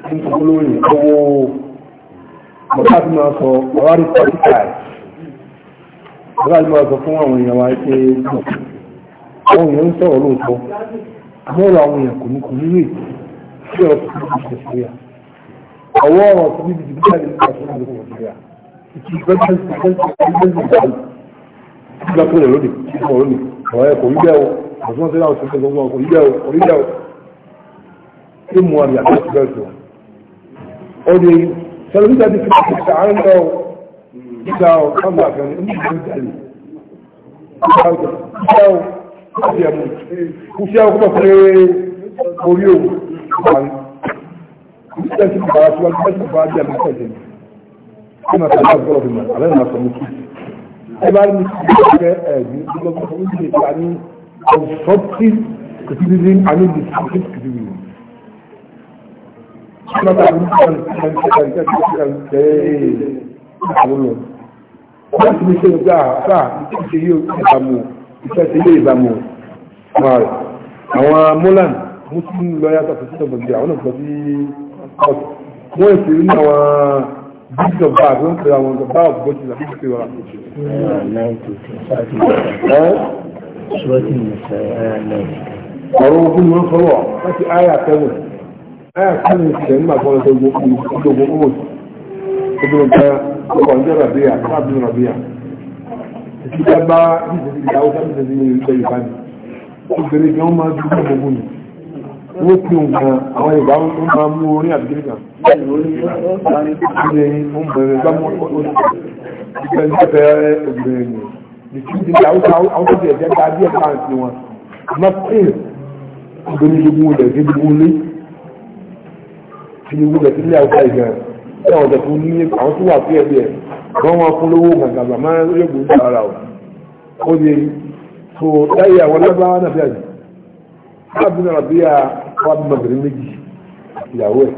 kí ń kòkó lórí yẹn owó bàbá àti máa sọ bàbá àti pàtí káì bàbá àti máa sọ fún àwọn èèyàn wa pé àwọn èèyàn ń sọ̀rọ̀ lóòótọ́ àmọ́ ọ̀rọ̀ àwọn èèyàn kò ní kò ní rèé في رسول الشريعة أوارى سبيل جبال الأسلام الشريعة ìtìgbẹ́jọ́ ìgbẹ́jọ́ ìgbẹ́jọ́ lónìí ìgbẹ́jọ́ lónìí ọ̀rẹ́ kò rí bẹ́ẹ̀ o àtúnwọ́n sí láwọn ṣẹ́gbẹ́ gbogbo kò rí bẹ́ẹ̀ o kò rí bẹ́ẹ̀ o tí mú àmì àti ìgbẹ́ ìjọ ó ní sẹlẹ̀mítà ti fi ṣe àárín lọ ìgbà ọ̀ káàmù àfẹ́ni ní ìgbẹ́ ìjẹ́lì ìgbà ọ̀ kúṣẹ́ ọ̀ kúṣẹ́ ọ̀ kúṣẹ́ ọ̀ kúṣẹ́ ọ̀ parí ìṣẹ́ sí bàbá tí wọ́n ti fẹ́ bàbá bí abẹ́fẹ́ jẹ́ kí wọ́n ti fẹ́ bọ́ọ̀lù mọ̀ alẹ́ náà sọ mú kí ẹ bá ní ìṣẹ́ ẹ̀gbìn tí wọ́n ti fẹ́ ṣe ta ní constructive criticism and in destructive criticism. Kí wọ́n ti fẹ́ ṣe ta ní ìṣẹ́ láti ní ṣe gbá àpá ìṣe yóò ìbámu ìfẹ́ sí ilé ìbámu àwọn Molan muslim lọ́yà tó fún ìjọba ìjọba àwọn ọ̀pọ̀ sí court wọ́n èsì nínú àwọn bíṣọ̀ bá àti wọ́n pèrè àwọn bá ọ̀pọ̀ sí àti pèrè wa. ọ̀rọ̀ ogun ni wọ́n sọ̀rọ̀ láti àyà tẹ́wọ̀n àyà tẹ́wọ̀n ti tẹ̀yìn màgbọ́n lọ́sọ̀ ogun ogun ogun ogun ọ̀gá ọkọ̀ ọ̀jọ́ ràbíyà lábí ràbíyà ìfìdá bá ìfìdá ìdáwó sábìsẹ̀ sí ilé ìfẹ́ ìbáni obìnrin kan máa dúró gbogbo nìyí ní kí n gan àwọn ìgbà ń máa mú orí àbíríkà ilé ìbẹ̀rẹ̀ bá mú ìbẹ̀rẹ̀ òbẹ̀rẹ̀ ni ìtúndì ní àwọn ìbẹ̀rẹ̀ jẹ́ ká díẹ̀ ká àti wọn má pè ìgbẹ̀rẹ̀ ìgbẹ̀rẹ̀ ilẹ̀ ìgbẹ̀rẹ̀ ìgbẹ̀rẹ̀ ìgbẹ̀rẹ̀ ìgbẹ̀rẹ̀ ìgbẹ̀rẹ̀ àwùká ìgbẹ̀rẹ̀ ẹ̀wọ̀n ọ̀dẹ̀ tó ní àwọn tó wà sí ẹgbẹ́ ẹ̀ wọ́n wọn fún lówó gàgàgbà máa ń rí ègbò ara ọ̀ ó di so láyé wọ́n bí mọ̀gbẹ̀rẹ̀ méjì ìyàwó ẹ̀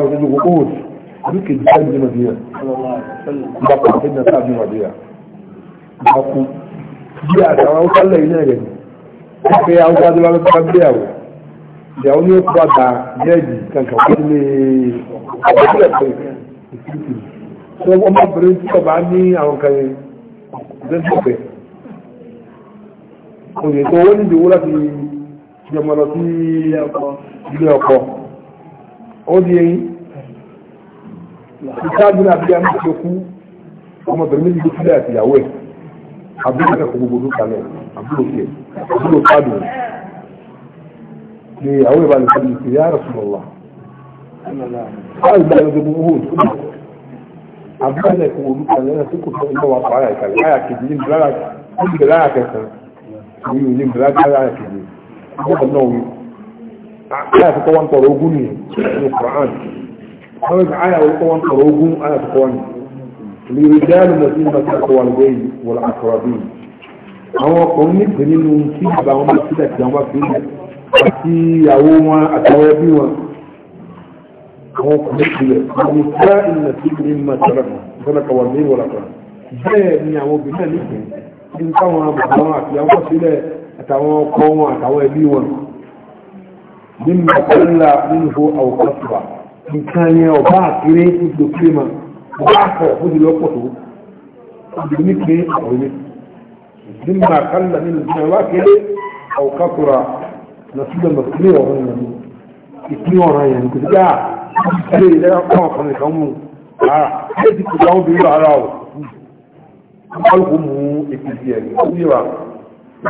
wọ́n bí mọ̀gbẹ̀rẹ̀ owó àbí kejì sáà ní mọ̀díyà ìgbà kan fẹ́ náà sáà ní mọ̀díyà ìgbà kú bí àtàwọn haúsálẹ̀ iná rẹ̀ ni wọ́n fẹ́ haúsá tó bá bá bí àwọ̀ ìyàwó ní oṣù àgbà jẹ́ẹ̀dì kankan wọ́n ní ọ̀pọ̀lọpọ̀ ìfìlìpì tí wọ́n bá bẹ̀rẹ̀ tí ọba ní àwọn kan yẹn ọ̀pọ̀lọpọ̀ jọmọ lọ sí ilé ọkọ ó di eyín ìṣáájú náà bí a ń ṣe kú ọmọbìnrin méjì tó sílẹ̀ àti ìyàwó ẹ̀ àbúrò kẹ́kọ̀ọ́ gbogbo ló kalẹ̀ àbúrò tiẹ̀ àbúrò pàdùn ni ìyàwó ẹ̀ bá lè sọ́dún ìpè yára sùn lọ́wọ́ báyìí bá lọ́dún gbogbo hó tó lọ́wọ́ àbúrò kẹ́kọ̀ọ́ ló kalẹ̀ ẹ̀ tó kò fẹ́ ìmọ̀ wa pààyà ìkàlẹ̀ láyà kejì ní àgbẹ̀bọ̀ náà wí àyà àkọ́kọ́ wọn tọrọ ogún ni ní Quran wọ́n wí àyà àkọ́kọ́ wọn tọrọ ogún àyà àkọ́kọ́ ni lórí dáàlù mọ̀ sí ìmọ̀sí àkọ́ wà lóye wọ́n àkọ́rọ̀ bí àwọn ọkùnrin nípe nínú tí bàbá wọn bá sílẹ̀ tí wọn bá fi ilẹ̀ àti ìyàwó wọn àtàwọn ẹbí wọn àwọn ọkùnrin sílẹ̀ àwọn ìfẹ́ ìmọ̀sí ìmọ̀sí àkọ́ wà lóye wọ́n bẹ́ẹ̀ ni àwọn obìnrin nípe àtàwọn ọkọ wọn àtàwọn ẹbí wọn nínú ọ̀pọ̀lá nínú fún àwòkọ́sùwà nǹkan yẹn ọba àkéré ìdò kírímà ọba àkọ́ òfúdi lọ́pọ̀ tó ọdún ní pé ọ̀rọ̀ mi nínú àkàlà nínú ìdíyàn wá kéré àwòkọ́sùwà na sílẹ̀ mọ̀kúrẹ́ ọ̀rọ̀ yẹn ni ìpín ọ̀rọ̀ yẹn kò sígbà ilé ah, ìlera kọ́ ọ̀kan nìkan mú ah, ara ẹ̀ ti kò dáwọn obìnrin ara ọ̀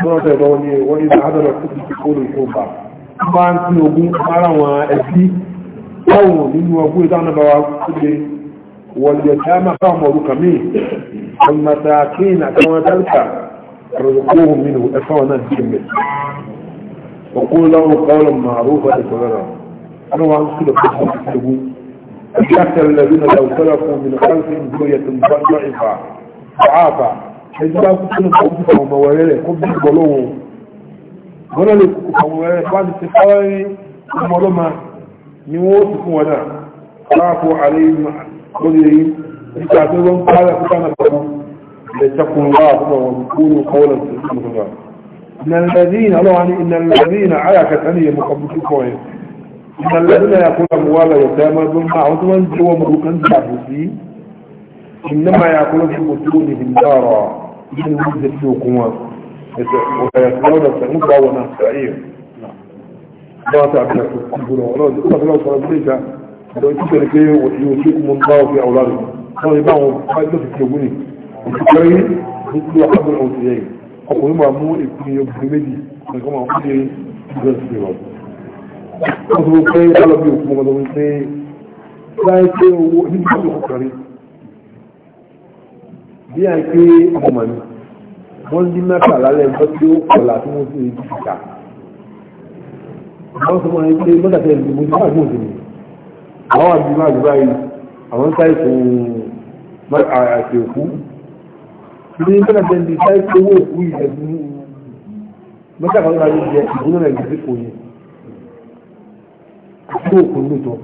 wọ́n tẹ̀ bọ́ ní wọ́n ní àádọ́rọ̀ tó ti kó lè kó bá bá ń tí ogun ara wọn ẹbí táwọn nínú ọgbọ́n ìdáná bá wa kúlé wọ́n lè dá máa fáwọn ọmọ orúkà míì wọ́n máa ta kéèyàn àtàwọn dálítà rọ̀rọ̀kóhùn mi nù ẹ̀fọ́ wọn náà dìé mẹ́ ọkùnrin láwọn kọ́ọ̀lọ̀ màrú bá ti sọ̀rọ̀ àwọn wọn kú lè fún ogun ẹ̀jẹ̀ àtẹ̀lẹ̀ lẹ́bí náà lọ́wọ́ sọ́lá fún mi nù ẹjọ́ bá kú sínú kọ́ sí àwọn ọmọ wẹ̀rẹ́ rẹ̀ kó bí ìbọ̀ lọ́wọ́ gbọ́dọ̀ lè kú àwọn wẹ̀rẹ́ bá ti ti fáwọn rí ọmọ ọlọ́mà ni wọ́n ti fún wọn náà láàpọ̀ àlẹ́ ìlú lórí èyí nígbà tó wọ́n ń pààrà fún kánà pẹ̀lú lè tẹkùn láàpọ̀ wọn kúrò kọ́wọ́lọ̀ sí ìlú إن الذين الله إن الذين على كتنية مقبلتكم إن الذين يقولون أموال يتامى ظلم عظما جوا مروكا تعبوا فيه إنما يأكلون في بطونهم نارا من وجد فيكم ويصلون السعود وما السعير لا تعبد تقول ولا تقول لو صليت لو تشرك يوصيكم الله في أولادكم هذا يبعوا ما تفكروني وتكرهي مثل أحد الأوصيين أقول ما مو إبني يبني كما أقول بس في وقت أقول كي ألا بيوكم وضعوني láìpé owó nígbàtí ọkùnrin bí a pé ọmọ mi wọ́n ní mẹ́ta lálẹ́ ẹgbẹ́ tí ó kọlà tí wọ́n sì rí ti kà wọ́n sọ wọn pé mọ́tà tẹ̀ ní mo ti bá gbòòdì ni àwọn àti máa gbà yìí àwọn sáì fún àti òkú ní mọ́tà tẹ̀ ní sáì fún owó òkú yìí ẹ̀sìn mọ́tà kan láti jẹ ìgbóná náà ìgbésí kò yẹ àti òkú lóòótọ́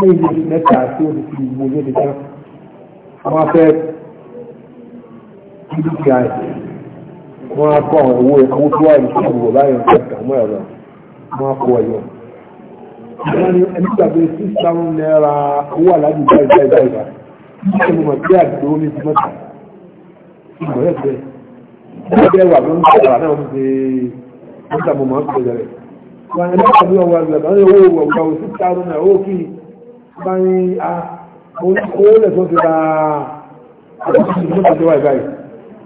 lẹ́yìn mẹ́ta tí ó ti fi gbogbo ọjọ́ ti àwọn afẹ́ dúkìá ẹ̀ wọ́n á kọ́ àwọn owó ẹ̀kọ́ tó wà ní ìṣòwò láyọ̀ ìṣẹ̀kà mọ́ ẹ̀rọ wọ́n á kọ́ ẹ̀yọ. ẹni gbàgbé six thousand owó aláàbí báyìí báyìí báyìí mọ̀ pé àdúgbò mi ti mọ́ta ìgbọ̀rẹ́ bẹ́ẹ̀ wọ́n wà lóun ṣe àrà náà ṣe wọ́n tà mo ń pè rẹ̀. ẹni gbàgbé ọwọ́ àgbàdo owó owó kí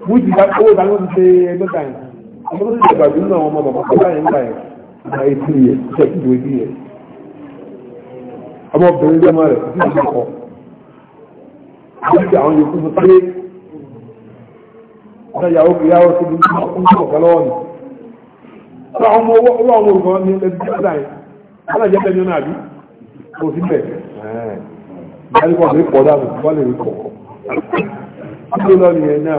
wíjì bá owó ìdáná ti ṣe ẹgbẹ́ta yẹn ọmọ tó ti gbàgbé nínú àwọn ọmọ bàbá bàbá yẹn nígbà yẹn ìgbà etí yẹn ṣe kí ìwé bí yẹn ọmọbìnrin jẹ́ mọ́ rẹ̀ sí ìdí kọ́ wíjì àwọn yòókù tó pé ọ̀nà ìyàwó kìí yàwó síbi ní ọkùnrin ọ̀gá lọ́wọ́ ni ọ̀nà ọmọ owó ọmọ olùkọ́ ní ẹbí ẹgbẹ́ta yẹn ọ̀nà ìjẹ́ bẹ́ẹ̀ ni ọ̀nà àbí kò sí bẹ́ẹ̀ ìyá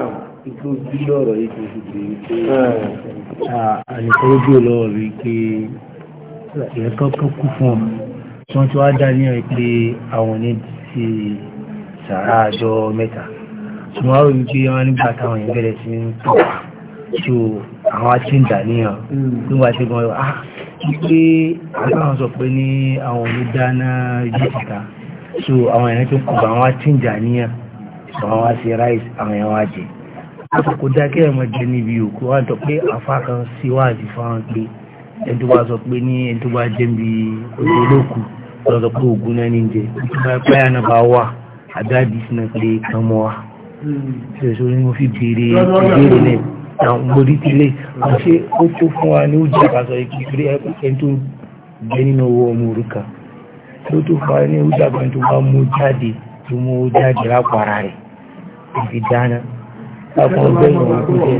ikú ojú lọ́rọ̀ yìí kò sì bèèrè pé àlùkò ojú lọ́wọ́ rí pé ìyẹn kọ́kọ́ kú fún ọ tí wọ́n ti wá dá ní ẹ̀ pé àwọn ní ti sàárà àjọ mẹ́ta tí wọ́n á rò wípé wọ́n nígbà táwọn yẹn bẹ̀rẹ̀ sí ń pọ̀ so àwọn àti ń dà níyàn hmm. nígbà tí wọ́n rò ah pé àwọn sọ pé ní àwọn ò ní dáná ìjọ́ ìta so àwọn èèyàn tó kù àwọn àti ń dà níyàn àwọn wá sí rice àwọn èèyàn wá jẹ kò dákẹ́ ẹ̀mọ̀ jẹ́ níbi òkú wá tọ́ pé àfá kan síwáàdì fáwọn pé ẹni tó bá sọ pé ní ẹni tó bá jẹ́ níbi ojú olóòkú lọ́sọ̀ pé ògùn náà ní jẹ́ nípa náà bá wà àdáàdì sínú pé kan mọ́ wa ṣèṣọ́ ni mo fi béèrè ìbéèrè náà àwọn mórí tilé àṣé ó tó fún wa ní ojú àkàsọ ìkíkiri ẹni tó jẹ́ nínú owó ọmọ òrùka tó tó fún wa ní ojú àkàsọ tó bá mú jáde tó mú jáde lápò ara rẹ̀ ìfi dáná ẹ̀kọ́ ọgbẹ́ ìwọ̀n kò jẹ́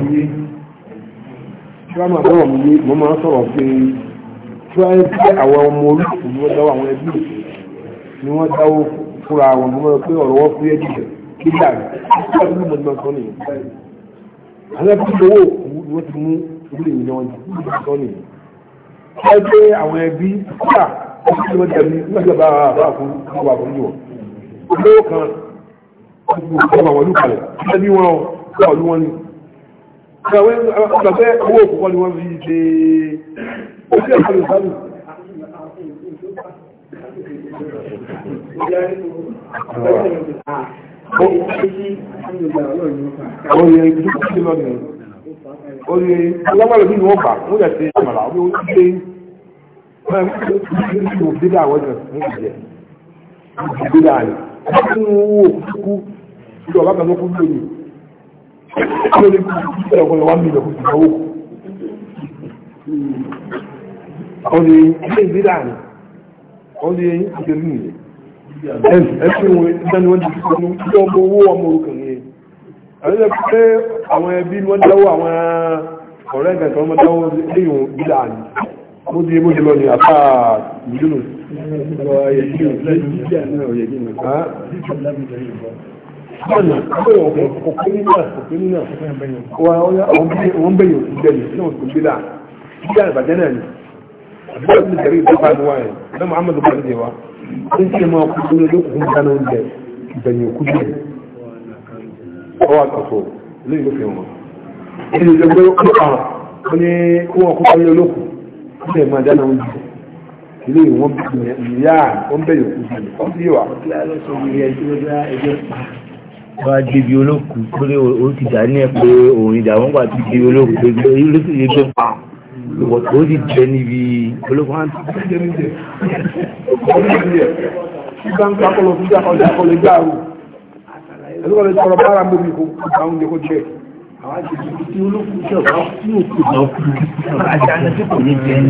ṣíwájú àbọ̀wọ̀ mi ní mo máa ń sọ̀rọ̀ pé ṣíwájú pé àwọn ọmọ olùkù ni wọ́n dáwọ́ àwọn ẹbí ni wọ́n dáwọ́ fúnra wọn mo máa pé ọ̀rọ̀ wọn fúyẹ́ jùlọ nígbà rẹ̀ nígbà tí mo sọ nìyẹn àwọn ẹbí owó òkú ni wọ́n ti mú ìlú ìwé náà jù nígbà tí wọ́n ṣíwájú pé àwọn ẹbí kúrà ọkùnrin tí wọ́n dẹ̀bi nígbà tí wọ́n bá fún wọn wà fún yìí wọ́n olówó kan wọ́n ti mú ọmọ àwọn olùkàlẹ̀ ẹbí wọn o pọ̀ ní wọ́n ni gbàgbé owó òkùnkọ́ ni wọ́n fi ṣe ojú ẹ̀kọ́ lè sálù Oye ìdúkú sí lọ́dún. Oye alámọ̀lẹ̀ bí wọ́n bà wọ́n yà sí àmàlà ọdún ó ti dé ìlú bídà wọ́n jẹ̀ ní ìjẹ́. Bídà ni. Ọdún owó òkú kú, ìjọba kan ló kú lónìí kí ló lè kú ẹ̀kọ́ wá mílíọ̀ kò sì náwó àwọn èèyàn ilé ìdílé àná àwọn èèyàn ìṣèlú nìyẹn ẹ̀sìn wọn ìdáni wọn ti fi fún ilé ọmọ owó ọmọ orúkọ nìyẹn àwọn ilé pé àwọn ẹbí wọn dáwọ́ àwọn ọ̀rẹ́ ìgbà tí wọ́n dáwọ́ ilé ìwọ̀n ìdílé àná mo ti bó ti lọ ní apá ìdúró ọ̀nà ọ̀bẹ̀yọ̀ òkè nínú òkè nínú àwọn bẹ̀yọ̀ òkú bẹ̀yọ̀ sínú òkú bílà bílà ìbàjẹ́ náà ni àbúrò ní ìjẹ̀rí ìjọba ni wáyé ọ̀dọ́ muhammad bá ní jẹwa ó ń ṣe máa kú nínú olókùn ń dáná oúnjẹ ìbẹ̀yọ̀ òkú bẹ̀yọ̀ ọwọ́ àtọ̀fọ̀ lẹ́yìn ló fi wọn. ẹni ìjọ pé ó pa ó ní kó wọn kó kọ́lé olókùn ó sì máa wá débi olóòkú pé o ti dà ní ẹ pé òun ìjà wọn gbà ti débi olóòkú pé ó sì lè gbé pa ó sì jẹ níbi olóòkú wọn. Ìgbà ń kakọlọ fún ìjàkọlọ ìjàkọlọ Àwọn àti ìdí tí olóòkú jẹ̀ wá sí òkú náà kú. Àjànà tí kò ní jẹ ní.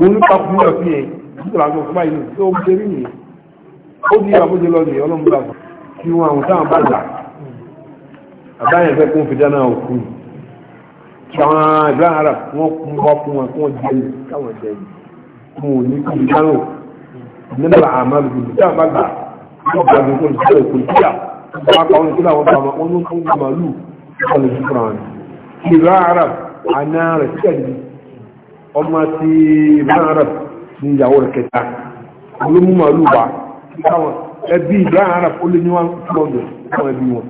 oníkàkùn náà fi ẹ̀ nítorí àwọn ọ̀fún àìlú tó ń ṣe rí nìyẹn ó di àbójú lọ nìyẹn ọlọ́run bá kí wọn àwọn táwọn bá gbà àbáyẹn fẹ́ kún fìdá náà kú kí àwọn ìgbà ara wọn kún bọ́ fún wọn kí wọ́n jẹ ẹni káwọn jẹ ẹni mo ò ní kí ìdá náà nílò àmà lùdì ní táwọn bá gbà wọn bá gbé kó lùdì kó ọmọ ti ìbáhàrẹ̀ ní ìyàwó rẹ̀ kẹta olómú màálù wa ẹbí ìbáhàrẹ̀ ó lé ní wọn fún ọdún àwọn ẹbí wọn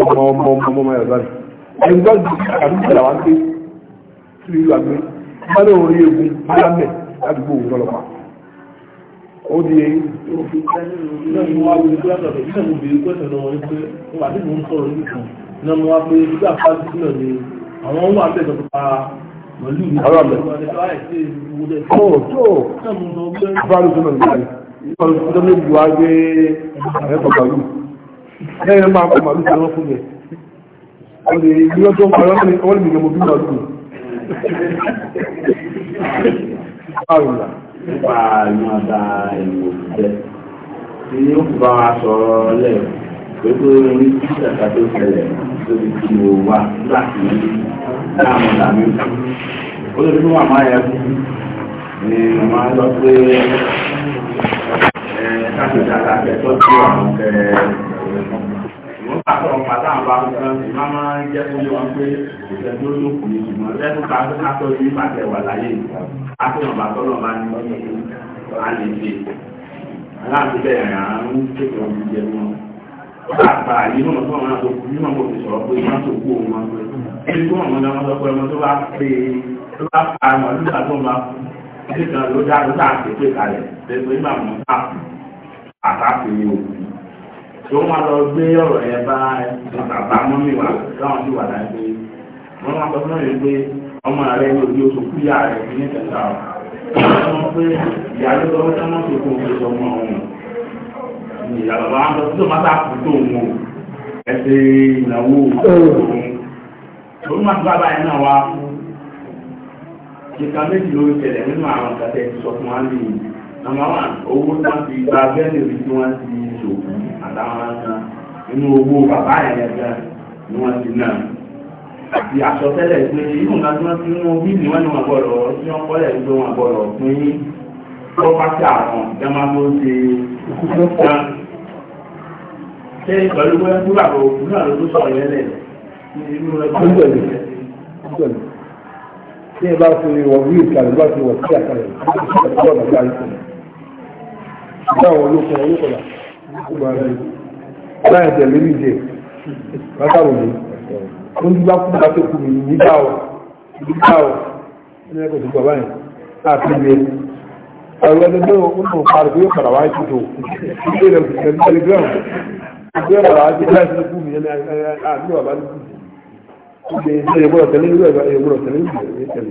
ọmọ ọmọ ọmọ ọmọ ọmọ ẹ̀rọ rẹ̀ ẹgbẹ́ ju àdúgbò wa gbé sí ìlú àgbé wọn lè rí egun pálámẹ̀ ládùúgbò òwúrọ̀ lọ́pàá ó di èyí. náà mo wá wí pé àtàkùn ìṣẹ́ mo bèèrè àwọn wà bẹ́ẹ̀ tó pa Arábẹ̀. Ó tó. Abáàlú tó lọ nígbà yìí. Ọjọ́ méjì wá gbé ẹ̀fọ́ bàálù. Lẹ́yìn máa kọ màálù tó lọ fún mi. Wọ́n lè ní ọjọ́ ń parọ́ ní ọwọ́ ìgbìmọ̀ bí màálù. Àrùnà. Nípa ìmọ̀ àtà ìwò jẹ́. Ìyókù bá wa sọ̀rọ̀ lẹ́yìn gbogbo ní ìṣẹ̀ka tó ṣẹlẹ̀ lórí tí mo wà láti dáàmú tàbí ó lè fún màmá yẹn kú ni màmá lọ pé ẹ káfíńtà lákẹ́tọ́ sí àwọn ẹ̀ wọ́n bá tọ̀ ọ́n pàtó àwọn akọ̀kan tí wọ́n máa ń jẹ́ fún wọn pé ìṣẹ́jú ló kù ní ìgbìmọ̀ lẹ́nu ká tó ká tó yí pàtẹ wà láyé àtúnwọ̀n bàtọ́ lọ́ọ́ bá ní ọ̀yẹ́ àlejò aláàbí bẹ́ẹ̀ rà ń tètè ọ̀gbìn jẹ́ wọn bàbá yìí mọ̀ fún àwọn àtòkù yìí mọ̀ fi sọ̀rọ̀ pé wọ́n tó kú òun wọn pé ẹni tó wọn lọ́wọ́ sọ pé ọmọ tó bá pé tó bá pa àwọn ọdún tó bá ẹni kan ló dá ló dáa pé pé kalẹ̀ lẹ́gbẹ̀ẹ́ nígbà mọ̀ ká àtàkù ni o tó wọn lọ gbé ọ̀rọ̀ yẹn bá bàbá mọ́mí wa káwọn sì wà láì pé wọ́n máa sọ fún mi pé ọmọ rẹ ní ojú oṣù kú yá rẹ ní kẹta ọ̀ wọ́n sọ pé ìyá ló lọ́wọ́ ìyá bàbá wọn sọ títọ́ máa sáà tó òun o ẹsẹ̀ ìnáwó òun òun máa tó bàbá yẹn náà wá kíkà méjì ló ń tẹ̀lé nínú àwọn kàtẹ́ ti sọ fún wa ní nàmà wà owó tó ti gba bẹ́ẹ̀lì rí tí wọ́n ti ṣòfò àtàwọn ọ̀sán nínú owó bàbá yẹn gan ni wọ́n ti náà àti àsọtẹ́lẹ̀ pé inú nǹkan tí wọ́n ti mú wíìlì wọn ni wọn gbọ́dọ̀ tí wọ́n kọ́lẹ̀ ń gbé wọn gbọ́dọ̀ pín kọ́pátì àwọn ìjọba tó ṣe ṣé tí ẹ bá fi wọ wí ìkàlẹ̀ bá fi wọ sí àkàlẹ̀ ọjọ́ bàbá àìsàn ìgbàwọ̀ olókun olókun láì tẹ̀lé ní ìjẹ látàrò mi ó ń gbá fún bàtò kù mí nígbà ọ̀ nígbà ọ̀ ní ẹgbẹ́ tó bàbá yẹn láti ilé ẹ̀rọ ẹgbẹ́ tó ń pariwo yóò padà wáyé tó tó ilé rẹ̀ telegram ìgbé bàbá ti bá ìsinmi kú mi yẹn àbí bàbá ti kú mi ìgbé ìsinmi ìgbọ́dọ̀ tẹ̀lé ìlú ẹ̀gbọ́n ìgbọ́dọ̀ tẹ̀lé ìlú ẹ̀gbọ́n tẹ̀lé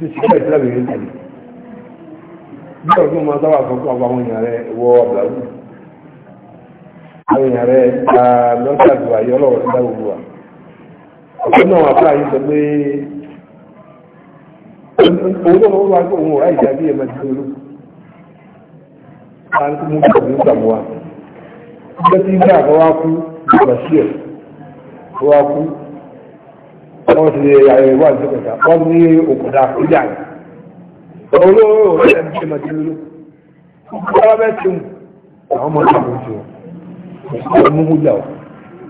ní síkà ìsìlámù yẹn tẹ̀lé bí ọdún máa sábà fún ọgbà àwọn èèyàn rẹ wọ ọ̀bùlàwù àwọn èèyàn rẹ gba lọ́sà tó ayé ọlọ́wọ́ nígbà gbogbo wa ọ̀pọ̀ náà wà ọjọ́ tí ìgbà àbọ̀wá kú ìgbà sí ẹ̀ ọwá kú wọ́n ti lè ayẹyẹ wà wọ́n ní òkúta ìjà olóòrò ẹni tí ma ti lóló ọwọ́ bẹ́ẹ̀ tí mu àwọn ọmọ náà kò tí wọn kò sí ọmọ mú jà ọ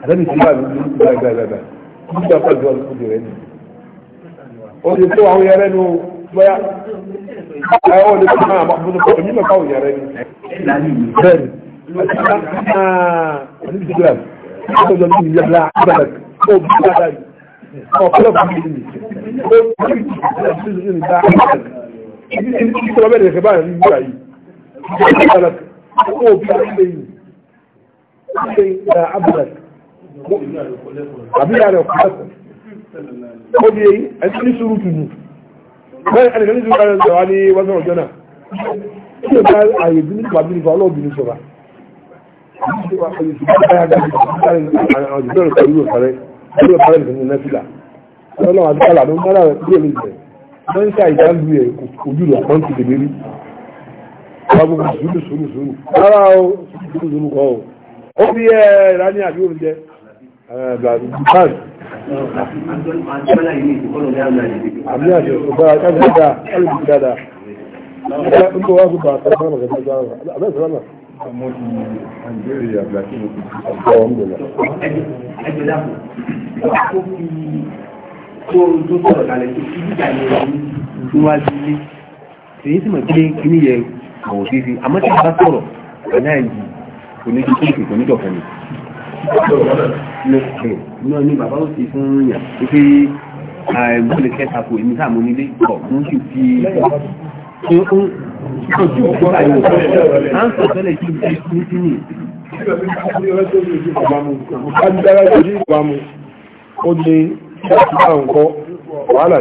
àtẹ́bí tí wà lórí báyìí báyìí báyìí kí wọ́n pẹ̀lú ọdún kúndé rẹ̀ ni. o lè tó àwọn yẹrẹ nu bóyá ẹ ọ lè tó àwọn àmọ́ àbúrò pọ̀ èmi náà káwọn yẹrẹ ni. bẹ́ẹ̀ ni Àbíyá rẹ̀ kọ́lẹ́kọ̀ọ́. Ó di èyí, ẹni tí ní sùúrù tùnú bẹ́ẹ̀ ẹnìkan ní ìdúró ẹ̀rọ ìjọba ní wọ́n sọ̀rọ̀ jọ́nà tí o àyè bí nípa ọlọ́run àdúgbàlà ló ń dára rẹ̀ kúrò ní ìbẹ̀rẹ̀ wọ́n ń ṣe àìdáàlú ẹ̀ ojú rẹ̀ pọ́n ti dèbè wọ́n gbogbo sùúrù sùúrù sùúrù rárá o sùúrù sùúrù kọ́ o ó fi ẹ ìrání àbí oúnjẹ bàbáàn ọmọ ti nàìjíríà àgbà tí mo ti sọ ọ́n gbọ́dọ̀. ẹgbẹ́ dàpọ̀ ọ̀pá tó fi tó tó sọ̀rọ̀ kalẹ̀ tó fi dídà yẹn níwájú ilé èyí sì a bá sọ̀rọ̀ ẹ̀dá ẹ̀jì kò ní kíkí kò ní dọ̀kan ni. náà ni bàbá ó ti fún yàn pé bọ́ọ̀lù kẹta kò ní sáà mo nílé kọ̀ mo ń fi pé ó ojú ọgbọ́ àǹsọ̀ tẹ́lẹ̀ kí n ti kú sí ni. Adídára ìjọjú ìbámu ó lè láti bá nǹkan wàhálà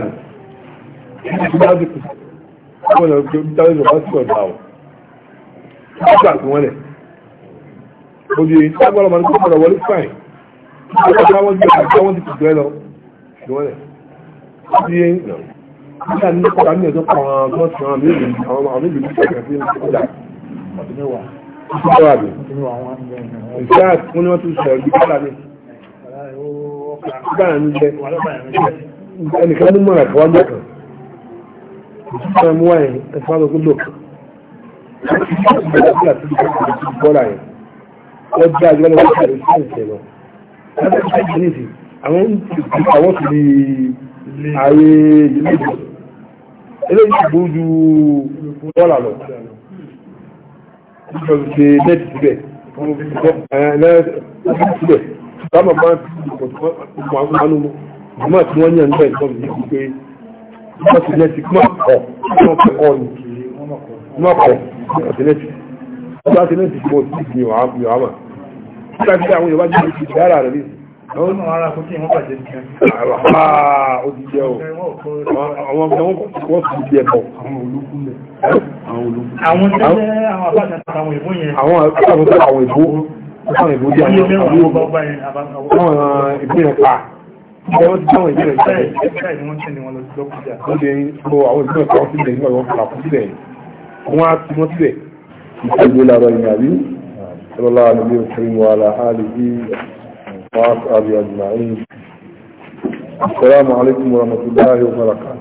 ní. Wọ́n lọ gbé dára ìjọba sí ọ̀dà ọ̀. Wọ́n gbà wọ́n lẹ̀. Òbí èyí tí agbára máa ń kọ́ ọ̀rọ̀ wọlé fáìn. Wọ́n ti pàdé àwọn ti pàdé lọ. Wọ́n lẹ̀. Wọ́n ti yé ń lọ nígbà ní ọkọ̀ ní ẹ̀tọ́ kan gọ́ọ̀sì àwọn méjì àwọn àwọn méjì ní ṣẹ̀kẹ̀ sí ọjà ìṣẹ́wà bí ìṣẹ́ àtúnwọ́n ni wọ́n tún sọ̀rọ̀ bí kọ́lá ní ìgbàlá ní jẹ́ ẹnìkan mú mọ̀ràn kọ́wá jẹ́ kan ìṣẹ́ àwọn ìṣẹ́ àwọn sì ní ààyè ìlú ìjọba eléyìí ti burú ju dọ́là lọ nígbà tó ṣe nẹ́ẹ̀tì síbẹ̀ síbẹ̀ sábà máa ń fi ìpọ̀ tó máa ń mú àmọ́ tí wọ́n yàn nígbà ìtọ́ mi pé wọ́n ti nẹ́ẹ̀tì kí wọ́n kọ̀ kí wọ́n kọ̀ ní wọ́n kọ̀ wọ́n ti nẹ́ẹ̀tì wọ́n ti nẹ́ẹ̀tì kí wọ́n ti fi àwọn Yorùbá jẹ́ ìdára rẹ̀ nísìnyí lọ́nà ara kò kí wọ́n bàjẹ́ nìkan ah, òdìjẹ́ o àwọn ọmọ wọ́n sì jẹ́ bọ̀ àwọn olókúnlẹ̀ àwọn tẹ́lẹ̀ àwọn àbájá àwọn ìbò yẹn àwọn àwọn ìbò àwọn ìbò jẹ́ àwọn uh, ìbò yẹn pa Ìjọba ti dáwọn ìbílẹ̀ ìjọba ni wọ́n tẹ́lẹ̀ wọn lọ sí lọ́kùnjà. Ó lè ń sọ àwọn ìbílẹ̀ kan sílẹ̀ nígbà wọn kàkú sílẹ̀. Wọ́n á ti wọ́n sílẹ̀. Ìṣègbè lára ìrìn àbí, ọlọ́lá àdúgbò ìṣòro wà láhálì bí وأصحابه أجمعين السلام عليكم ورحمة الله وبركاته